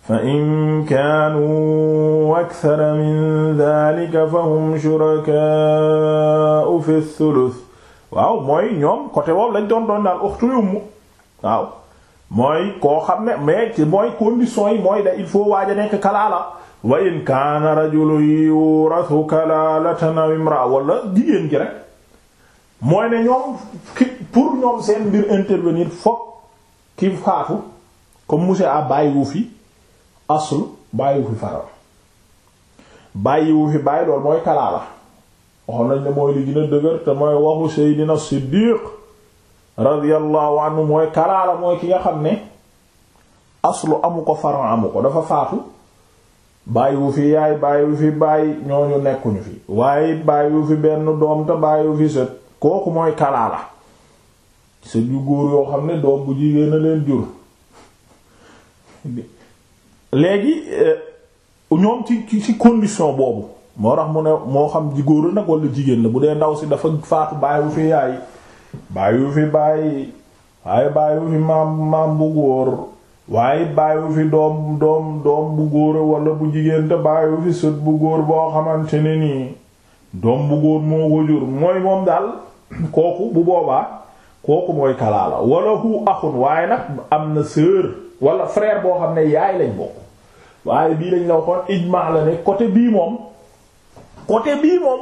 fa in kaanuu akthara min dhalika fa hum shurakaa'u fi thuluth waaw mooy ñoom côté boobu lañ doon doon daal uxtul waaw mooy koo xam ne mais ci mooy conditions yi mooy da il faut waaj a nekk kalaala wa in kaana rajulun yurathu kalaalatan aw imra'a wala jigéen ji mooy ne ñoom ki ñoom seen mbir intervenir fokk ki faatu comme monsieur a bàyyiwu fi aslu bàyyiwu fi faral bàyyiwu fi bàyyi loolu mooy kalaala waxoon nañ ne mooy li gën dëgër te mooy waxu seydina siddiq radiyallahu anhu mooy kalaala mooy ki nga xam ne aslu amu ko faran amu ko dafa faatu bàyyiwu fi yaay bàyyiwu fi bàyyi ñooñu nekkuñu fi waaye bàyyiwu fi benn doom te bàyyiwu fi sët kooku mooy kalaala sët yu góor yoo xam ne doom bu jigéen a leen jur léegi euh, ñoom ci ci condition boobu moo tax mu ne moo xam ji góor nag wala jigéen la bu dee ndaw si dafa faatu bàyyiwu fi yaay bàyyiwu fi bàyyi waaye bàyyiwu fi maam maam bu góor waaye bàyyiwu fi doom doom doom bu góor wala bu jigéen te bàyyiwu fi sët bu góor boo xamante ne nii doom bu góor moo ko mooy moom daal *clears throat* kooku bu boobaa kooku mooy kalaala wala hu axun waaye nag am na sœur wala frère boo xam ne yaay lañ bokk waaye bii lañ la waxoon ijmaa la ne côté bii moom côté bii moom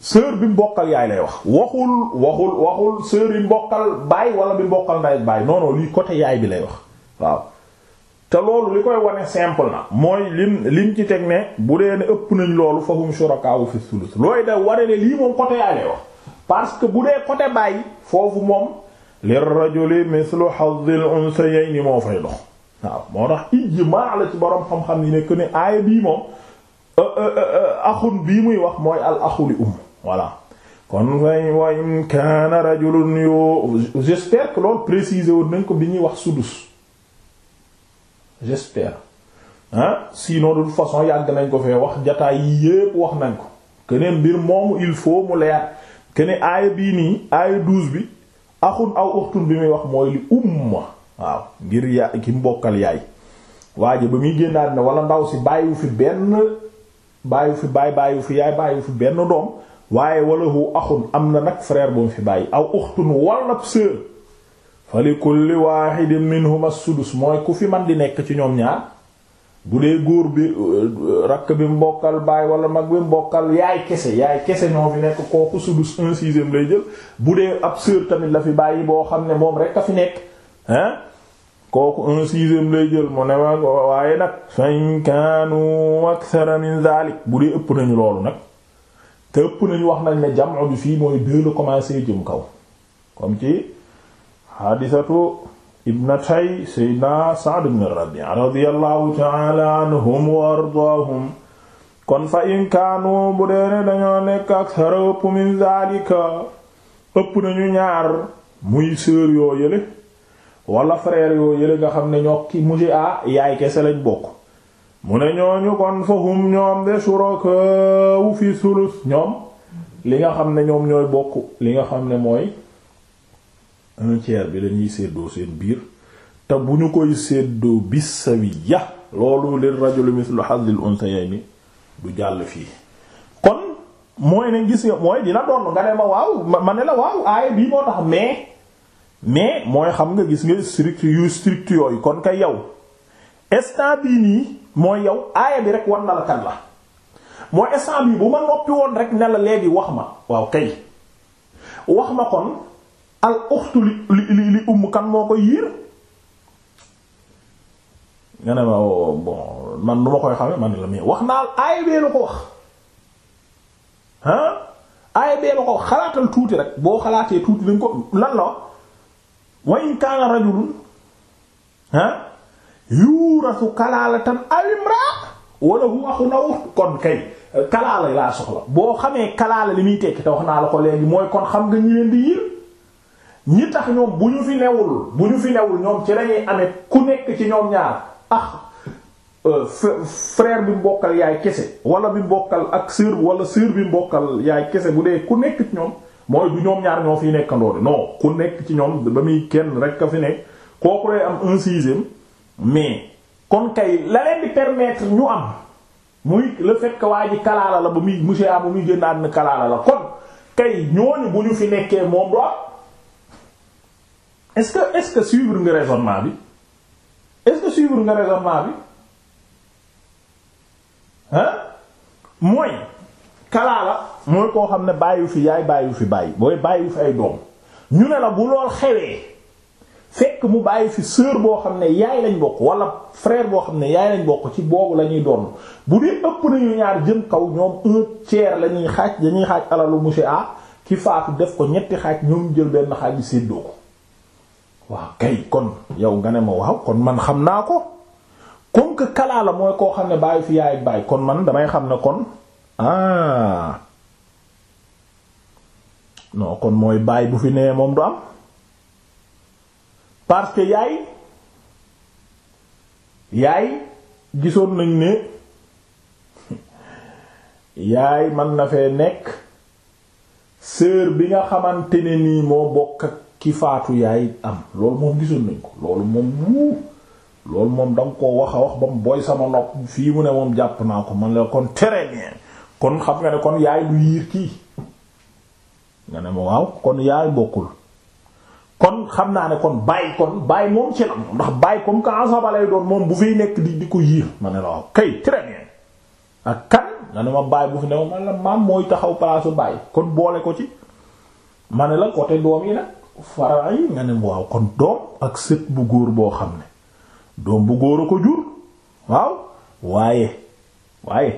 sœur bi mbokkal yaay lay wax waxul waxul waxul sœur yi mbokkal baay wala bi mbokkal nday baay non lii côté yaay bi lay wax waaw te loolu li koy wane simple na mooy lim lim ci teg ne bu dee ne ëpp nañ loolu fahum shurakaa'u fi sulus looy da ware ne lii moom côté yaay lay wax parce que bu dee côté baay foofu moom lirrajuli mithlu hazzil unsayayni moo fay dox waaw moo tax ijmaa la ci boroom xam-xam yi ne que aaya bii moom axun bii muy wax mooy al axuli um voilà kon fay wa in kaana rajulun yu j'espère que loolu préciser woon nañ ko bi ñuy wax sudus j'espère ah sinon de toute façon yàgg nañ ko fee wax jataay yépp wax nañ ko que ne mbir moomu il faut mu leer que aaya bii nii aaya douze bi axun aw uxtun bi muy wax mooy li umma waaw ngir ya ki mbokkal yaay waaye ba muy génnaat ne wala ndaw si bàyyiwu fi benn bàyyiwu fi baay bàyyiwu fi yaay fi benn doom waaye walahu axun am na nag frère bu mu fi bàyyi aw uxtun walla sœur fa li kulli waaxidin minhuma sudus mooy ku fi man di nekk ci ñoom ñaar bu dee góor bi euh, rakk bi mbokkal baay wala mag bi mbokkal yaay kese yaay kese ñoo fi nekk kooku sudus un sixième lay jël bu dee ab sœur tamit la fi bàyyi boo xam ne moom rek a fi nekk hein kooku un sixième lay jël moo ne ma waaye nag fa ak kaanu akthara bu dee ëpp nañu loolu nag te ëpp nañu wax nañ ne jamono bi fii mooy deux la commencé jëm kaw comme ci hadisatu ibnatay seydna Sa'd ibn Rabi'a radiyallahu ta'ala anhum wa ardaahum kon fa in kaanu bu deene dañoo nekk ak sara ëpp min zalika ëpp nañu ñaar muy sœur yoo yële wala frère yoo yële nga xam ne ñoo ki mujj a yaay kese lañ bokk mu ne ñooñu kon fa hum ñoom de shuraka fi sulus ñoom li nga xam ne ñoom ñooy bokk li nga xam ne mooy un tiers bi dañuy séddoo seen biir te bu ñu koy séddoo bisawiya loolu lil rajuli mithlu hadhil mi du jàll fii kon mooy ne gis nga mooy dina doon nga ne ma waaw ma ne la waaw aaya bii moo tax mais mais mooy xam nga gis nga strict yu strict yooyu kon kay yow instant bii nii mooy yow aaya bi rek war na la kan la mooy instant bii bu ma noppi woon rek ne la léegi wax ma waaw kay wax ma kon al uxtu li li li umm kan moo koy yiir nga ne ma oh, bon man du ma koy xame man la mais wax naa aaya bee la ko wax ah aaya bee la ko wax xalaatal tuuti rek boo xalaatee tuuti dañ ko lan la wa in kaana rajulun ah yuurasu kalaalatan alimraa kon kay kalaala laa soxla boo xamee kalaala li muy tekki te wax naa la ko léegi mooy kon xam nga ñi leen di yiir ñi tax ñoom bu ñu fi newul bu ñu fi newul ñoom ci lañuy amee ku nekk ci ñoom ñaar ah euh, frère bi mbokkal yaay kese walla bi mbokkal ak sœur wala sœur bi mbokkal yaay kese bu dee ku nekk ci ñoom mooy du ñoom ñaar ñoo fiy nekkandoo de non ku nekk ci ñoom ba muy kenn rek a fi nekk kooku lay am un sixième mais kon kay la leen di permettre ñu am muy le fait que waa kalaala la ba muy monsieur A ba muy génn àdduna kalaala la kon kay ñooñu bu ñu fi nekkee moom do est-ce que est-ce que suivre bi est-ce que suivre nga raisonnement bi hein mooy kalaa mooy koo xam ne bàyyiwu fi yaay bàyyiwu fi bàyyi booy bàyyi fi ay doom ñu ne la bu lool xewee fekk mu bàyyi fi sœur boo xam ne yaay lañ bokk wala frère boo xam ne yaay lañ bokk ci boobu la ñuy doon bu dee ëpp nañu ñaar jëm kaw ñoom un tiers la ñuy xaaj dañuy xaaj alalu monsieur A ki faatu def ko ñetti xaaj ñoom jël benn xaaj bi séddoo ko waaw kay kon yow nga ne ma waaw kon man xam naa ko comme que mooy koo xam ne bàyyi fi yaay bàyyi kon man damay xam ne kon ah kon mooy baay bu fi nee moom du am parce que yaay yaay gisoon nañ ne *laughs* yaay man na fee nekk sœur bi nga xamante ne nii moo bokk ki faatu yaay am loolu moom gisoon nañ ko loolu moom wuu loolu moom da nga wax a wax ba mu booy sama nopp fii mu ne moom jàpp naa ko man la kon très kon xam nga yaay du yiir kii ne ma waaw kon yaay bokkul kon xam naa ne kon bàyyi kon bàyyi moom ci ndax bàyyi comme que doon moom bu fiy nekk di di ma ne la waaw kan nga ne ma bu fi ne maam mooy taxaw palaasu baay kon boole ko ci ma ne la côté doom yi nag. faraa yi nga ne waaw kon doom ak sët bu góor boo xam ne doom bu góor a ko jur waaw waaye waaye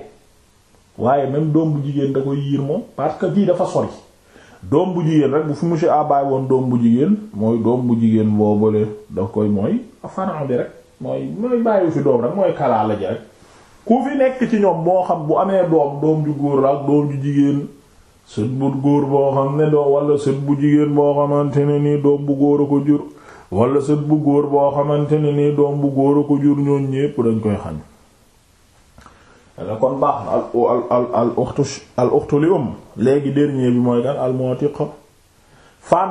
waaye même doom bu jigéen da koy yiir moom parce que bii dafa sori doom bu jigéen rek bu fi monsieur abaay woon doom bu jigéen mooy doom bu jigéen boobale da koy mooy faran bi rek mooy mooy bàyyi fi doom rek mooy kalaa la ji rek ku fi nekk ci ñoom boo xam bu amee doom doom ju góor la ak doom ju jigéen sët bu góor boo xam ne bu jigéen boo xamante ne nii doom bu góor a ko jur wala sët bu góor boo xamante ne nii doom bu góor a ko jur ñoon ñépp dañ koy xañ dana um, léegi dernier bi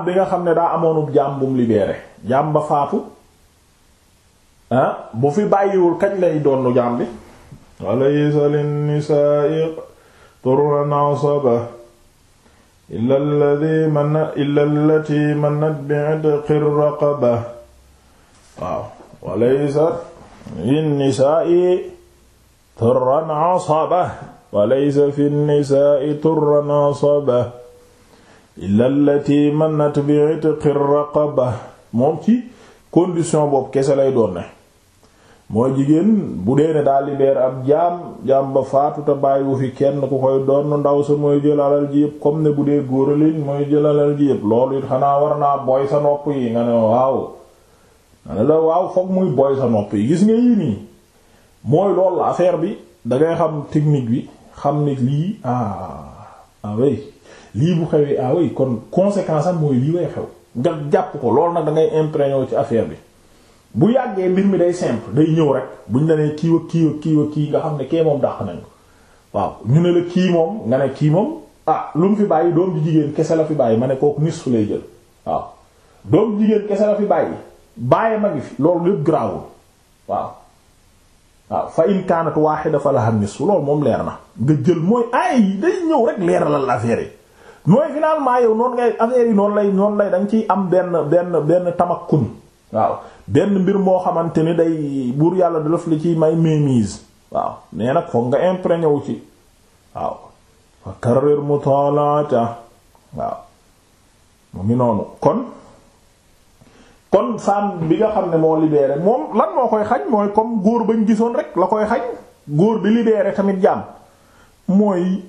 bi nga xam ne daa amoonub jaam bu mu libéré jaam ba faatu ah, bu fi bàyyiwul kañ lay doon jaam bi. alaysa lin nisaa turan asaba illa allati man illa allati manat bi itqi raqaba waaw walaysat fin nisaai turran asaba walaysa fi nisaai turran asaba illa allati manat bi itqi raqaba moom ci condition boobu kese lay doon ne mooy jigéen bu dee ne daa libérer ab jaam jaam ba faatu te bàyyiwu fi kenn ku koy doon ndaw sa mooy jël alal ji yëpp comme ne bu dee góoralin mooy jël alal ji yëpp loolu xanaa war naa boy sa yi nga ne waaw nga ne la waaw foog muy boy sa nopp yi gis nga yii nii mooy loolu la affaire bi dangay xam technique bi xam ne lii ah ah oui lii bu xewee ah oui kon conséquence am mooy lii way xew nga jàpp ko loolu nag dangay imprégné ci affaire bi. bu yàggee mbir mi day simple day ñëw rek buñ la nee kii wa kii wa kii nga xam ne kee moom dàq ko waaw ñu ne la kii moom nga ne kii moom ah lu mu fi bàyyi doom jigéen kese la fi bàyyi ma ne kooku nisfu lay jël waaw doom jigéen kese la fi bàyyi bàyyi ma ngi fi loolu lépp garaawul waaw waaw fa in kanat wahida falaha nisfu loolu moom leer na nga jël mooy ay day ñëw rek leeralal affaire yi mooy finalement yow noonu ngay affaire yi noonu lay noonu lay da nga ciy am benn benn benn tamakkun waaw benn mbir moo xamante ni day buur yàlla laf la ci may mainmise waaw nee nag foog nga imprégné wu ci waaw fa karrir mutalaata waaw mu ngi noonu kon kon sànn bi nga xam ne moo libéré moom lan moo koy xañ mooy comme góor bañ gisoon rek la koy xañ góor bi libéré tamit jaam mooy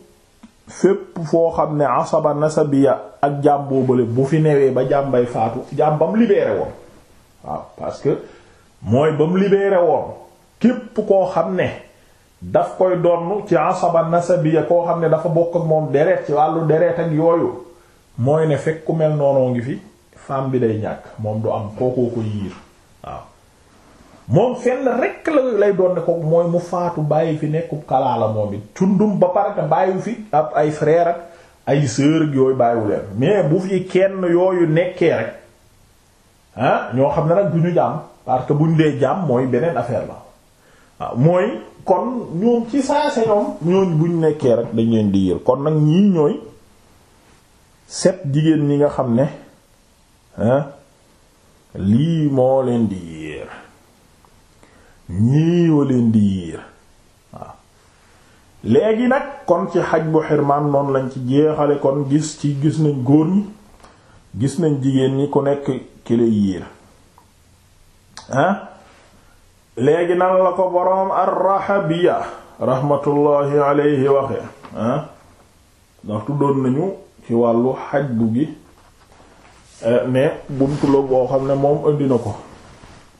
fépp foo xam ne asaba nasabiya ak jaam boobale bu fi newee ba jaam bay faatu jaam bam libéré woon waaw parce que mooy ba mu libéré woon képp koo xam ne daf koy donn ci asaba nasabiya koo xam ne dafa bokk ak moom deret ci wàllu deret ak yooyu mooy ne fekk mel noonoo ngi fi femme bi day ñàkk moom du am kookoo ko yiir waaw moom fenn rek la lay doon ne ko mooy mu faatu bàyyi fi nekkub kalaa bi moom it cundum ba pare te bàyyiwu fi ab ay frère ak ay sœur ak yooyu bàyyiwu mais bu fi kenn yooyu nekkee rek ah ñoo xam ne nag du ñu jaam parce que buñ dee jaam mooy beneen affaire la waaw mooy kon ñoom ci saa sa ñoom ñooñ buñ nekkee rek dañ leen di yël kon nag ñii ñooy set jigéen ñi nga xam ne lii moo leen di yiir ñiiwa leen di yiir léegi nag kon ci xaj bu xirmaan noonu lañ ci jeexale kon gis ci gis nañ góor ñi gis nañ jigéen ñi ku nekk ki la yiir ah? léegi nan la ko boroom ar-Rahabiyya rahmatullahi alayhi waxe ah? ndax tuddoon nañu ci wàllu xaj bu ne eh, buntu la boo xam ne moom indi na ko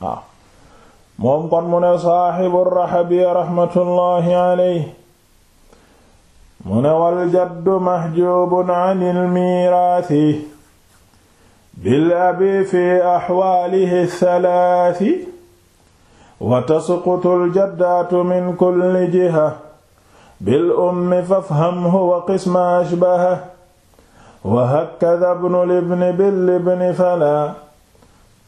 waaw moom kon mu ne saaxibu ar-Rahabiyya rahmatullahi mu ne wal jaddu mahjubun anil miraasi bil abi fi axwaalihi salaasi wa tasqutu ljaddaatu min kulli jiha bil ummi fafhamhu wa qisma ashbaha wa hakada bnu libni billibni fala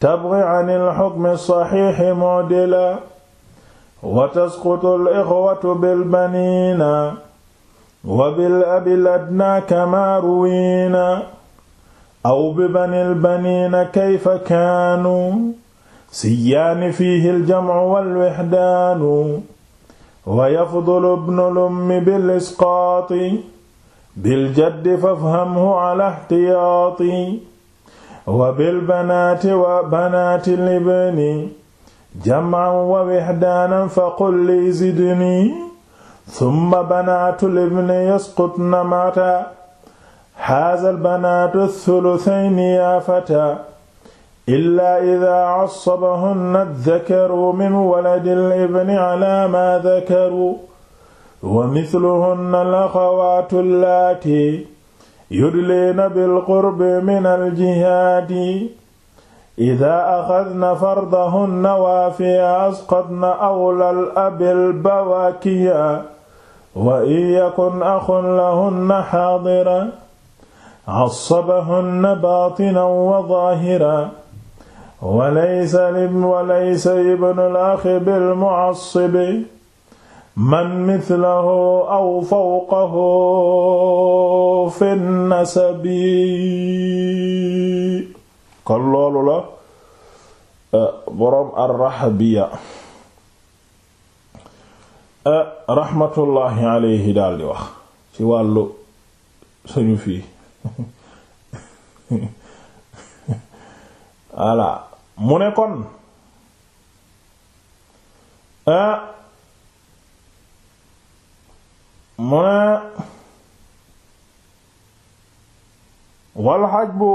tabgi an ilxukmi saxiixi modila wa tasqutu lixwatu bilbaniina wa bil abil adna kama ruwiina aw bi banil baniina kayfa kaanu siyaani fiihi aljamcu walwixdaanu wa yafdulu bnu lummi bilisqaati biljaddi fafhamhu ala ixtiyaati wa bilbanaati wa banaati libni jamcan wa wixdaanan faqul li zidni summa banaatu libni yasqutna mata haazal banaatu thuluthayni yaa fataa illaa idaa asabahunna dhakaru min waladil ibni alaa maa dhakaru wa mithluhunna al-axawaatu allaatii yudliina bilqurbi min aljihaadi idaa axadna fardahunna waafiya asqatna awlal abil bawaakiya wa in yakun axun lahunna xaadira xasabahunna baatinan wa zaahiran wa laysa wa laysa ibnul axi bil mu'assibi man mithlahu aw fawqahu fi nasabi kon loolu la boroom ar-Rahbiya raxmatullaahi alayhi daldi wax ci wàllu suñu fii *laughs* voilà mu ne kon euh, mu ne wal xaj mu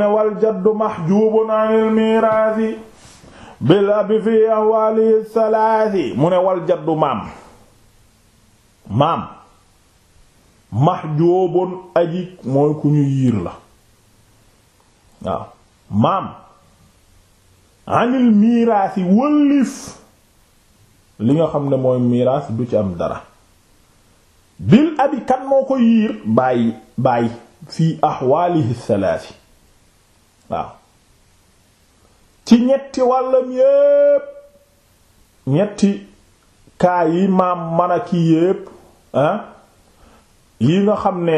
ne wal jaddu mahjubun anil miraasi bil abi fi ahwaalihi salaasi mu ne wal jaddu maam maam mahjuubun aji mooy ku ñu yiir la waaw maam anil miiraasi wëllif li nga xam ne mooy miiraas du ci am dara bil abi kan moo ko yiir bàyyi bàyyi fi ahwaalihi salaasi waaw ci ñetti wàllam yépp ñetti kaa yi maam man a kii yépp ah yi nga xam ne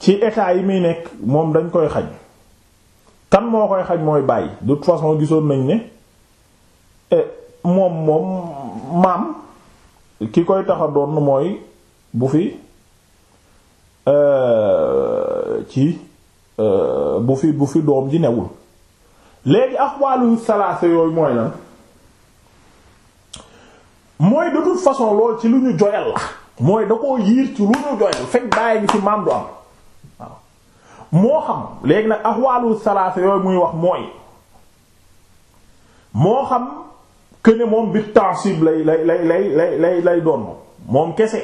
ci état yi muy nekk moom dañ koy xaj kan moo koy xañ mooy bàyyi de toute façon gisoon nañ ni eh, moom moom maam ki koy taxa doon mooy bu fi euh, ci euh, bu fi bu fi doom ji newul léegi axwaalu salaasa yooyu mooy lan mooy de toute façon lool ci lu ñu joyal la mooy da koo yiir ci lu ñu joyal fekk bàyyi ngi ci maam du am moo léegi nag axwaalu salaasa yooyu muy wax mooy moo xam que ne moom lay doon moom kese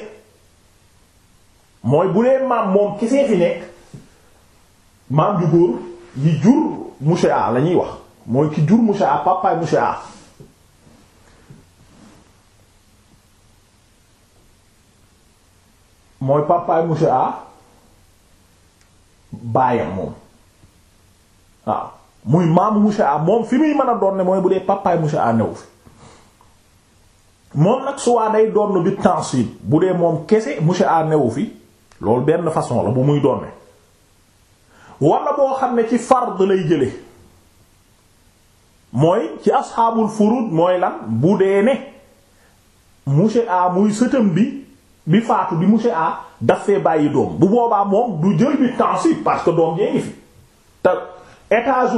mooy bu dee maam moom kese fi nekk maam ju góor yi jur monsieur A la ñuy wax mooy ki jur monsieur A papaay monsieur A mooy papaay monsieur A baayam moom waaw muy maamu monsieur A moom fi muy mën a doon ne mooy bu dee papaay monsieur A newu fi moom nag suwaa day doon bi tansib bu dee moom kese monsieur A newu fi loolu benn façon la bu muy doon ne wala boo xam ne ci fard lay jële mooy ci asxaabul furud mooy lan bu dee ne monsieur A muy sëtam bi bi faatu bi monsieur A daf fee bàyyi doom bu boobaa moom du jël bi tansib parce que doom jee ngi fi te étage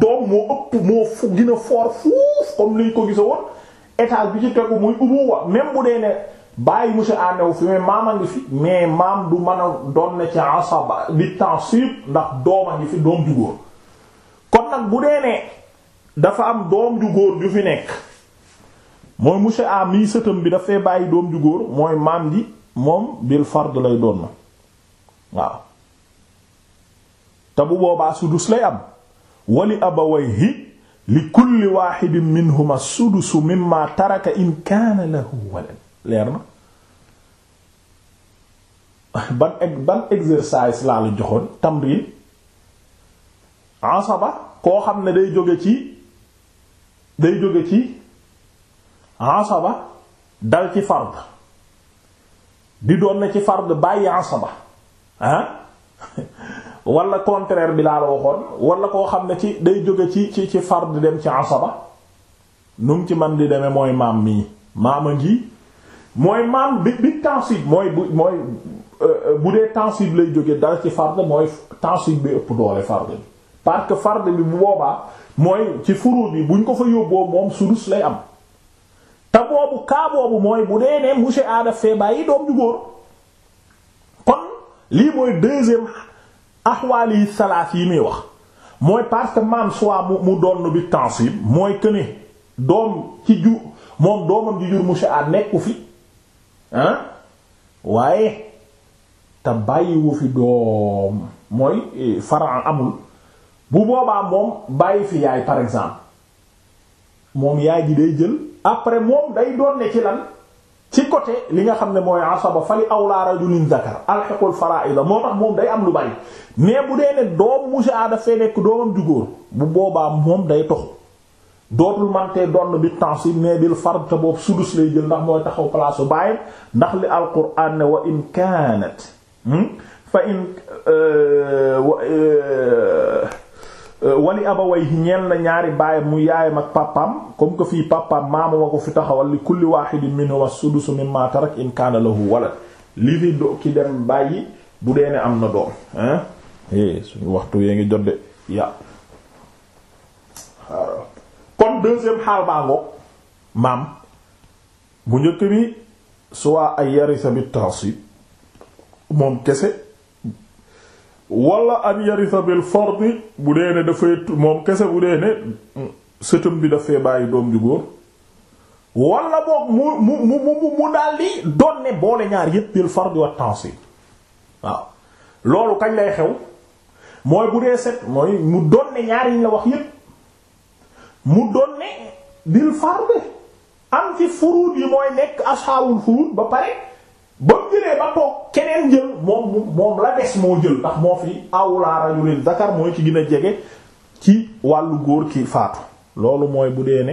doom moo ëpp moo fu gën a comme liñ ko gisa woon étage bi ci tegu muy ubuwa même bu dee ne bàyyi monsieur anew fi mais maam a fi mais maam du mën a doon na ci asaba di ndax doom a ngi fi doom ju kon nag bu dee ne dafa am doom ju góor fi nekk mooy monsieur a mii sëtam bi dafay bàyyi doom ju góor mooy maam ji moom bil fard lay doon na waaw te boobaa sudus lay am wali abawayhi li kulli waaxidin minhuma sudusu mimma taraka in kaana lahu walad leer na ban ban exercice laa la joxoon tamrin ba koo xam ne day jóge ci day jóge ci asaba dal ci fard di doon na ci fard bàyyi asaba ah *laughs* wala contraire bi laa la waxoon wala koo xam ne ci day jóge ci ci ci fard dem ci asaba nu mu ci man di demee mooy maam mii maam a ngi mooy maam bi bi tansib mooy bu mooy Euh, bu dee tansib lay jóge dara ci farde mooy tansib bi ëpp doole farde bi parce que farde bi bu boobaa mooy ci furu bi buñ ko fa yóbboo moom sudus lay am te boobu kaa boobu mooy bu dee ne monsieur aada fee bàyyi doom ju góor kon lii mooy deuxième axwaal yi salaas yi muy wax mooy parce que maam soit mu mu donn bi tansib mooy que ne doom ci ju moom doomam ji jur monsieur nekku fi ah waaye te bàyyiwu fi doom mooy eh, faran amul bu boobaa moom bàyyi fi yaay par exemple moom yaay gi day jël après moom day doon ci lan ci côté li nga xam ne mooy asaba fali awla rajulin zakar alxiqul faraida moo tax moom day am lu bari mais bu dee ne doom musa daf fee nekk doomam ju góor bu boobaa moom day tox dootul mantee donn bi yi mais bil fard te boobu sudus lay jël ndax mooy taxaw place su bàyyam ndax li alquran ne wa in Hmm? fa in euh, euh, euh, wali abawayhi ñeel na ñaari baayam mu yaayam ak papaam comme que fii papaam maamuma ko fi taxawal li kulli wahidin minhuma sudusu mimma tarak in kaana lahu walad li fi do ki dem bàyyi bu dee ne am na doom hein eh, suñu waxtu yee ngi jot de ya kon deuxième xaal baa ngoog maam bu njëkk bi soit ay yarisa bi taasib moom kese wala an yarisa bil fardi bu dee ne dafay moom kese bu dee ne sëtam bi dafay bàyyi doom ju góor wala boog mu mu mu mu mu daldi doon ne boole ñaar yépp bil fardi wa tansil waaw loolu kañ lay xew mooy bu dee set mooy mu doon ne ñaar yiñ la wax yépp mu doon ne bil fardi am ci furuut yi mooy nekk asxaabul furuut ba pare ba mu jëlee ba toog keneen jël moom la des moo jël ndax moo fi awlaa rajulin zakar mooy ci gën a jege ci wàllu góor ki faatu loolu mooy bu dee ne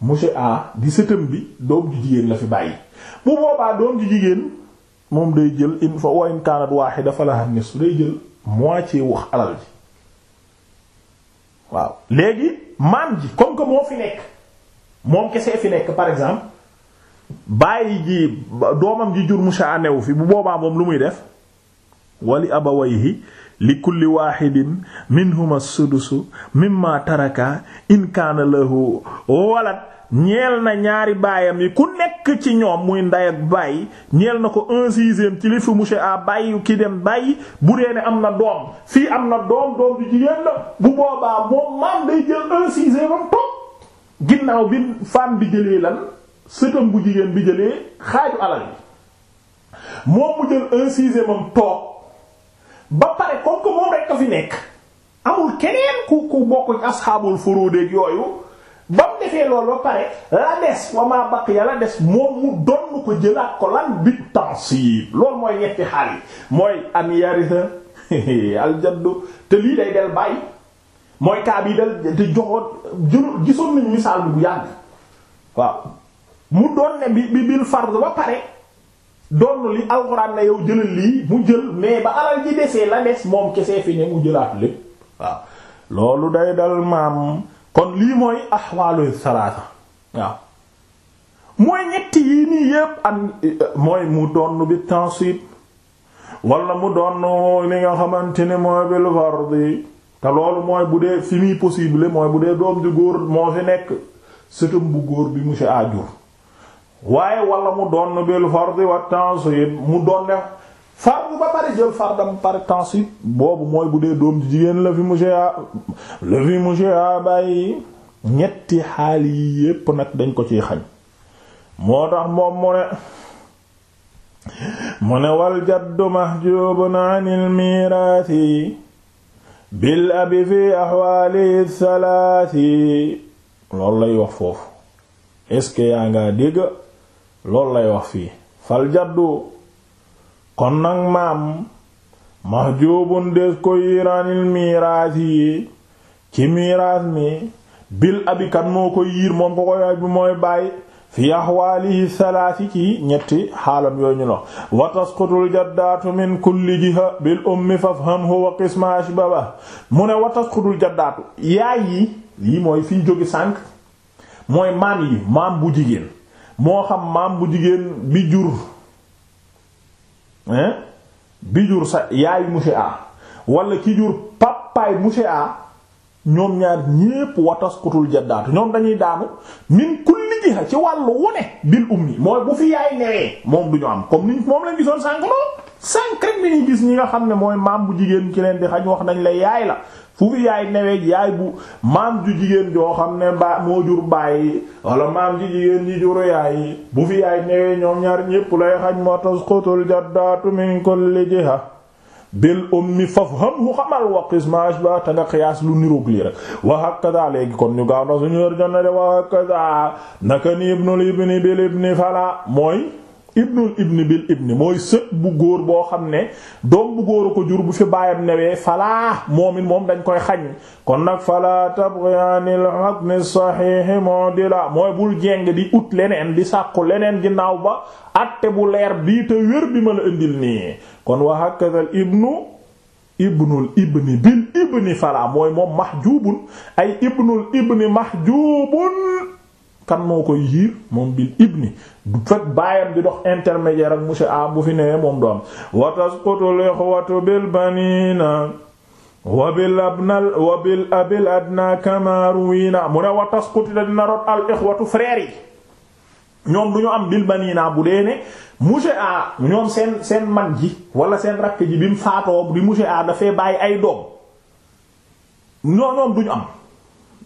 monsieur A di sëtam bi doom ju jigéen la fi bàyyi bu boobaa doom ju jigéen moom day jël in fa wa in kaanat waahida falaha nisfu day jël moitié wax alal ji waaw léegi maam ji comme que moo fi nekk moom kese fi nekk par exemple bàyyi ji doomam ji jur musa anewu fi bu boobaa moom lu muy def wali abawayhi li kulli waaxidin minhuma sudusu mimma taraka in kaana lahu walad ñeel na ñaari baayam yi ku nekk ci ñoom muy nday ak bàyyi ñeel na ko un sixième ci li fi monsieur bàyyi ki dem bàyyi bu dee am na doom fii am na doom doom jigéen la bu boobaa moom maam day jël un am topp ginnaaw bi femme bi jëlee lan sëtam bu jigéen bi jëlee xaaju alal bi moom mu jël un sixième toog ba pare comme que moom rekk a fi nekk amul keneen ku ku bokk ci asxaabul yooyu ba mu defee loolu ba pare la des wa ma baqiya la des moom mu donn ko jëlaat ko lan bi tansib loolu mooy ñetti xaal mooy an *laughs* aljaddu te lii day del bàyyi mooy kaa bi del te joxoon gisoon nañu misaal bi bu waaw mu doon ne bi bi bil fard ba pare doon li alxuraan na yow jëlal lii mu jël mais ba alal ji desee la des moom kesee fi ne mu jëlaat lépp waaw loolu day dal maam kon lii mooy ahwaalu salaasa waaw mooy ñetti yii nii yépp am mooy mu doon bi tansib wala mu doon li nga xamante ne mooy bil fardi te loolu mooy bu dee fi muy possible mooy bu dee doom ju góor moo fi nekk sëtam bu góor bi mu ci ajur waaye walla mu doon bil fard wa tansib mu doon ne fard ba pare jël fardam par tansib boobu mooy bu dee doom jigéen la fi mushia la fi mushia bàyyi ñetti xaal yi yépp nag dañ ko ci xañ moo tax moom mu ne mu ne wal jaddu mahjubun anil miraasi bil abi fi ahwaali salaasi loolu lay wax foofu est yaa ngaa dégg loolu lay wax fii fal jaddu kon nag maam mahjubun des ko yiiraanil miiraas yi ci miiraas mi bil abikan moo ko yiir moom ko ko yaay bi mooy bàyyi fi ahwaalihi salaasi ci ñetti xaalam yooyu ñu la wa tasqutul min kulli jiha bil ummi fafhamhu wa qisma ashbaba mu ne wa tasqutul jaddaatu yaay yi lii mooy fiy jóge mooy maam yi maam bu jigéen moo xam maam bu jigéen bi jur hein bi jur sa yaayu monsieur A wala ki jur papaay monsieur A ñoom ñaar ñépp wataskutul jaddaatu ñoom dañuy daanu min kulli jiha ci wàllu wone bil yi mooy bu fi yaay newee moom du ñu am comme ni moom lañ gisoon sànq lool sànq rek dañuy gis ñi nga xam ne mooy maam bu jigéen ci leen di xañ wax nañ la yaay la fu fi yaay newee yaay bu maam ju jigéen joo xam ne ba moo jur bàyyi wala maam ji jigéen ji juru yaay bu fi yaay newee ñoom ñaar ñépp lay xañ moo tasqutul jaddatu min kulli jiha bil ummi fafhamhu xamal wa qisma ashba te nga xiyaas lu niroog lii rek wa hakaza léegi kon ñu gaaw na suñu yor jonna de wa hakaza naka ni ibnul ibni bil ibni fala mooy ibnul ibni bil ibni mooy sët bu góor boo xam ne doom bu góor a ko jur bu fi baayam newee falaa moom it moom dañ koy xañ kon nag falaa tabghiyanil haqni sahihi mu'dila mooy bul jeng di ut leneen di sàqu leneen ginnaaw ba atte bu leer bii te wér bi ma la indil nii kon wa hakadal ibnu ibnul ibni bil ibni falaa mooy moom mahjubun ay ibnul ibni mahjubun kan moo koy yiir moom bil ibni du fekk baayam di dox intermédiaire ak monsieur a bu fi newee moom doom wa tasqutul ikhwatu bil banina wa bil abnal wa abil adna kama ruwina mu ne wa tasquti dina rot al ikhwatu frère yi ñoom du ñu am bil banina bu dee ne monsieur a ñoom seen seen mag ji wala seen rakk ji bi mu faatoo di monsieur a dafay bàyyi ay doom ñoom ñoom du ñu am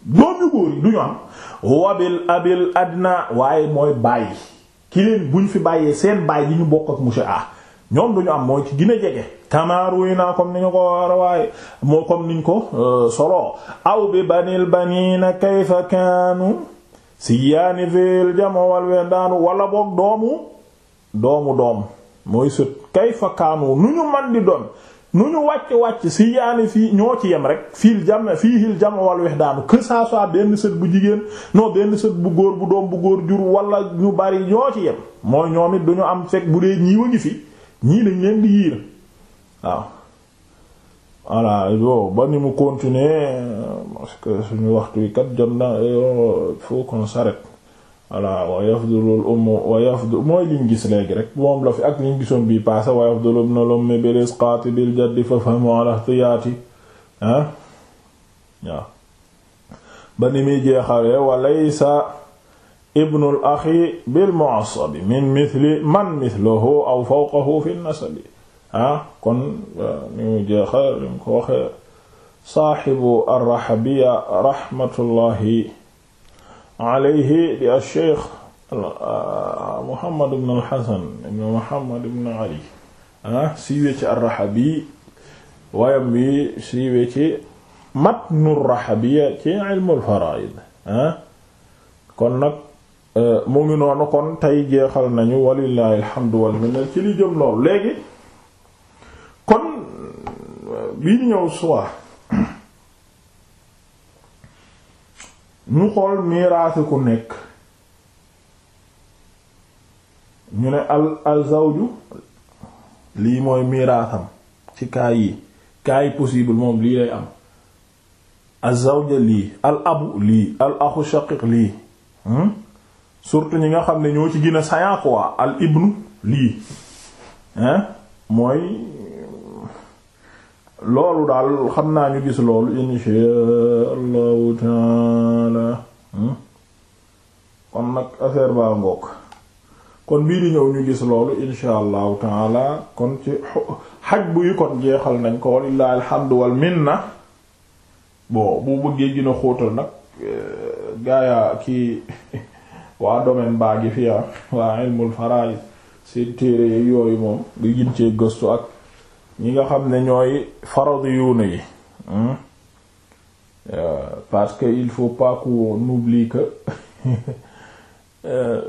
doom yu góor yi du am wabil abil adna waaye mooy bàyyi ki bu ñu fi bàyyee seen bàyyi yi ñu bokk ak monsieur A ñoom duñu ñu am mooy ci gën a jege kamaaruy naa comme ni ñu ko war waaye moo comme niñ ko euh, solo aw bi banil banina kayfa kaanu si yaani fil jamowal wala boog doomu doomu doom mooy sët kayfa kaanu nu ñu man di doon nu ñu wàcc wàcc si yaani fii ñoo ci yem rek fiil jam fii jam wal wex daanu que ça soit benn sët bu jigéen non benn sët bu góor bu doom bu góor jur walla ñu bari ñoo ci yem mooy ñoom it duñu am fekk bu dee ñiiw a ngi fi ñii dañ leen di yiir waaw voilà yow ba ni mu continuer parce que suñu waxtu wi kat jot na il faut qu'on voilà wa yafdulul umm wa yafdu mooy liñ gis léegi rek moom la fi ak liñ gisoon bii passé wa yafdulu ibnul ummi bil isqaati bil jaddi fa fahmu ala ihtiyaati ah waaw ba ni muy jeexalee wa laysa ibnul axi bil mu'assabi min mithli man mithluhu aw fawqahu fi nasabi ah kon ni mu jeexal li mu ko waxee saaxibu ar-rahabiya rahmatullahi alayhi di acheikh ah, Muhammad ibn al-Hasan ibn Muhammad ibn Ali ah siiwee ci ar-Rahabi waayam bi siiwee ci matnu ar-Rahabiyya ci ilmu al-fara'id ah kon nag eh, mu ngi noonu kon tey jeexal nañu walillahi alhamdu wal minna ci li jëm loolu léegi kon eh, bii ñëw suwaa ñu xool miiraasi ku nekk ñu ne al al zawju lii mooy miiraasam ci kaay yi kaay possible moom lii lay am al zawja lii al abu lii al axu shaqiq lii hmm? surtout ñi nga xam ne ñoo ci gën a sayan quoi al ibnu lii hein mooy loolu daal xam naa ñu gis loolu insha allahu taala hmm? kon nag affaire baa ngook kon bii ñëw ñu gis loolu insha allahu taala kon ci xaj bu kon jeexal nañ ko walillahi alhamdu wal minna bon bu bëggee gën a xóotal nag eh, gaaya kii *laughs* waa domaine baa gi fi ah, waa ilmul faraid seen téere yooyu moom nga gën cee gëstu ak ñi nga xam ne ñooy faradiyuuna yi hmm? parce que il faut pas qu'on oublie que *laughs* euh,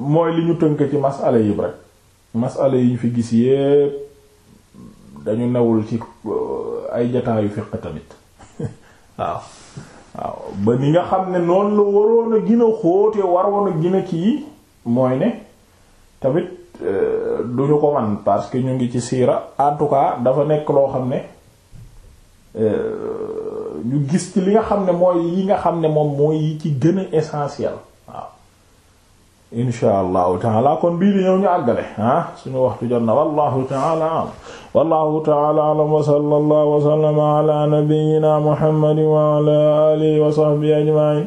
mooy li ñu tënk ci masala yi rek masala yi ñu fi gis yépp dañu newul ci euh, ay jataayu fiq tamit *laughs* waaw waaw ba ni nga xam ne noonu la waroon a gën a waroon a gën kii mooy ne tamit Euh, duñu ko man parce que ñu ngi ci siira en tout cas dafa nekk loo xam ne euh, ñu gis ci li nga xam ne mooy yi nga xam ne moom mooy yi ci gën a essentiel waaw insha allahu taala kon bii di ñëw ñu àggale ah suñu waxtu jot na wallahu taala alam wallahu taala alam wa sallallahu wa sallama ala nabiyyina muhammadin wa ala wa sahbihi ajma'in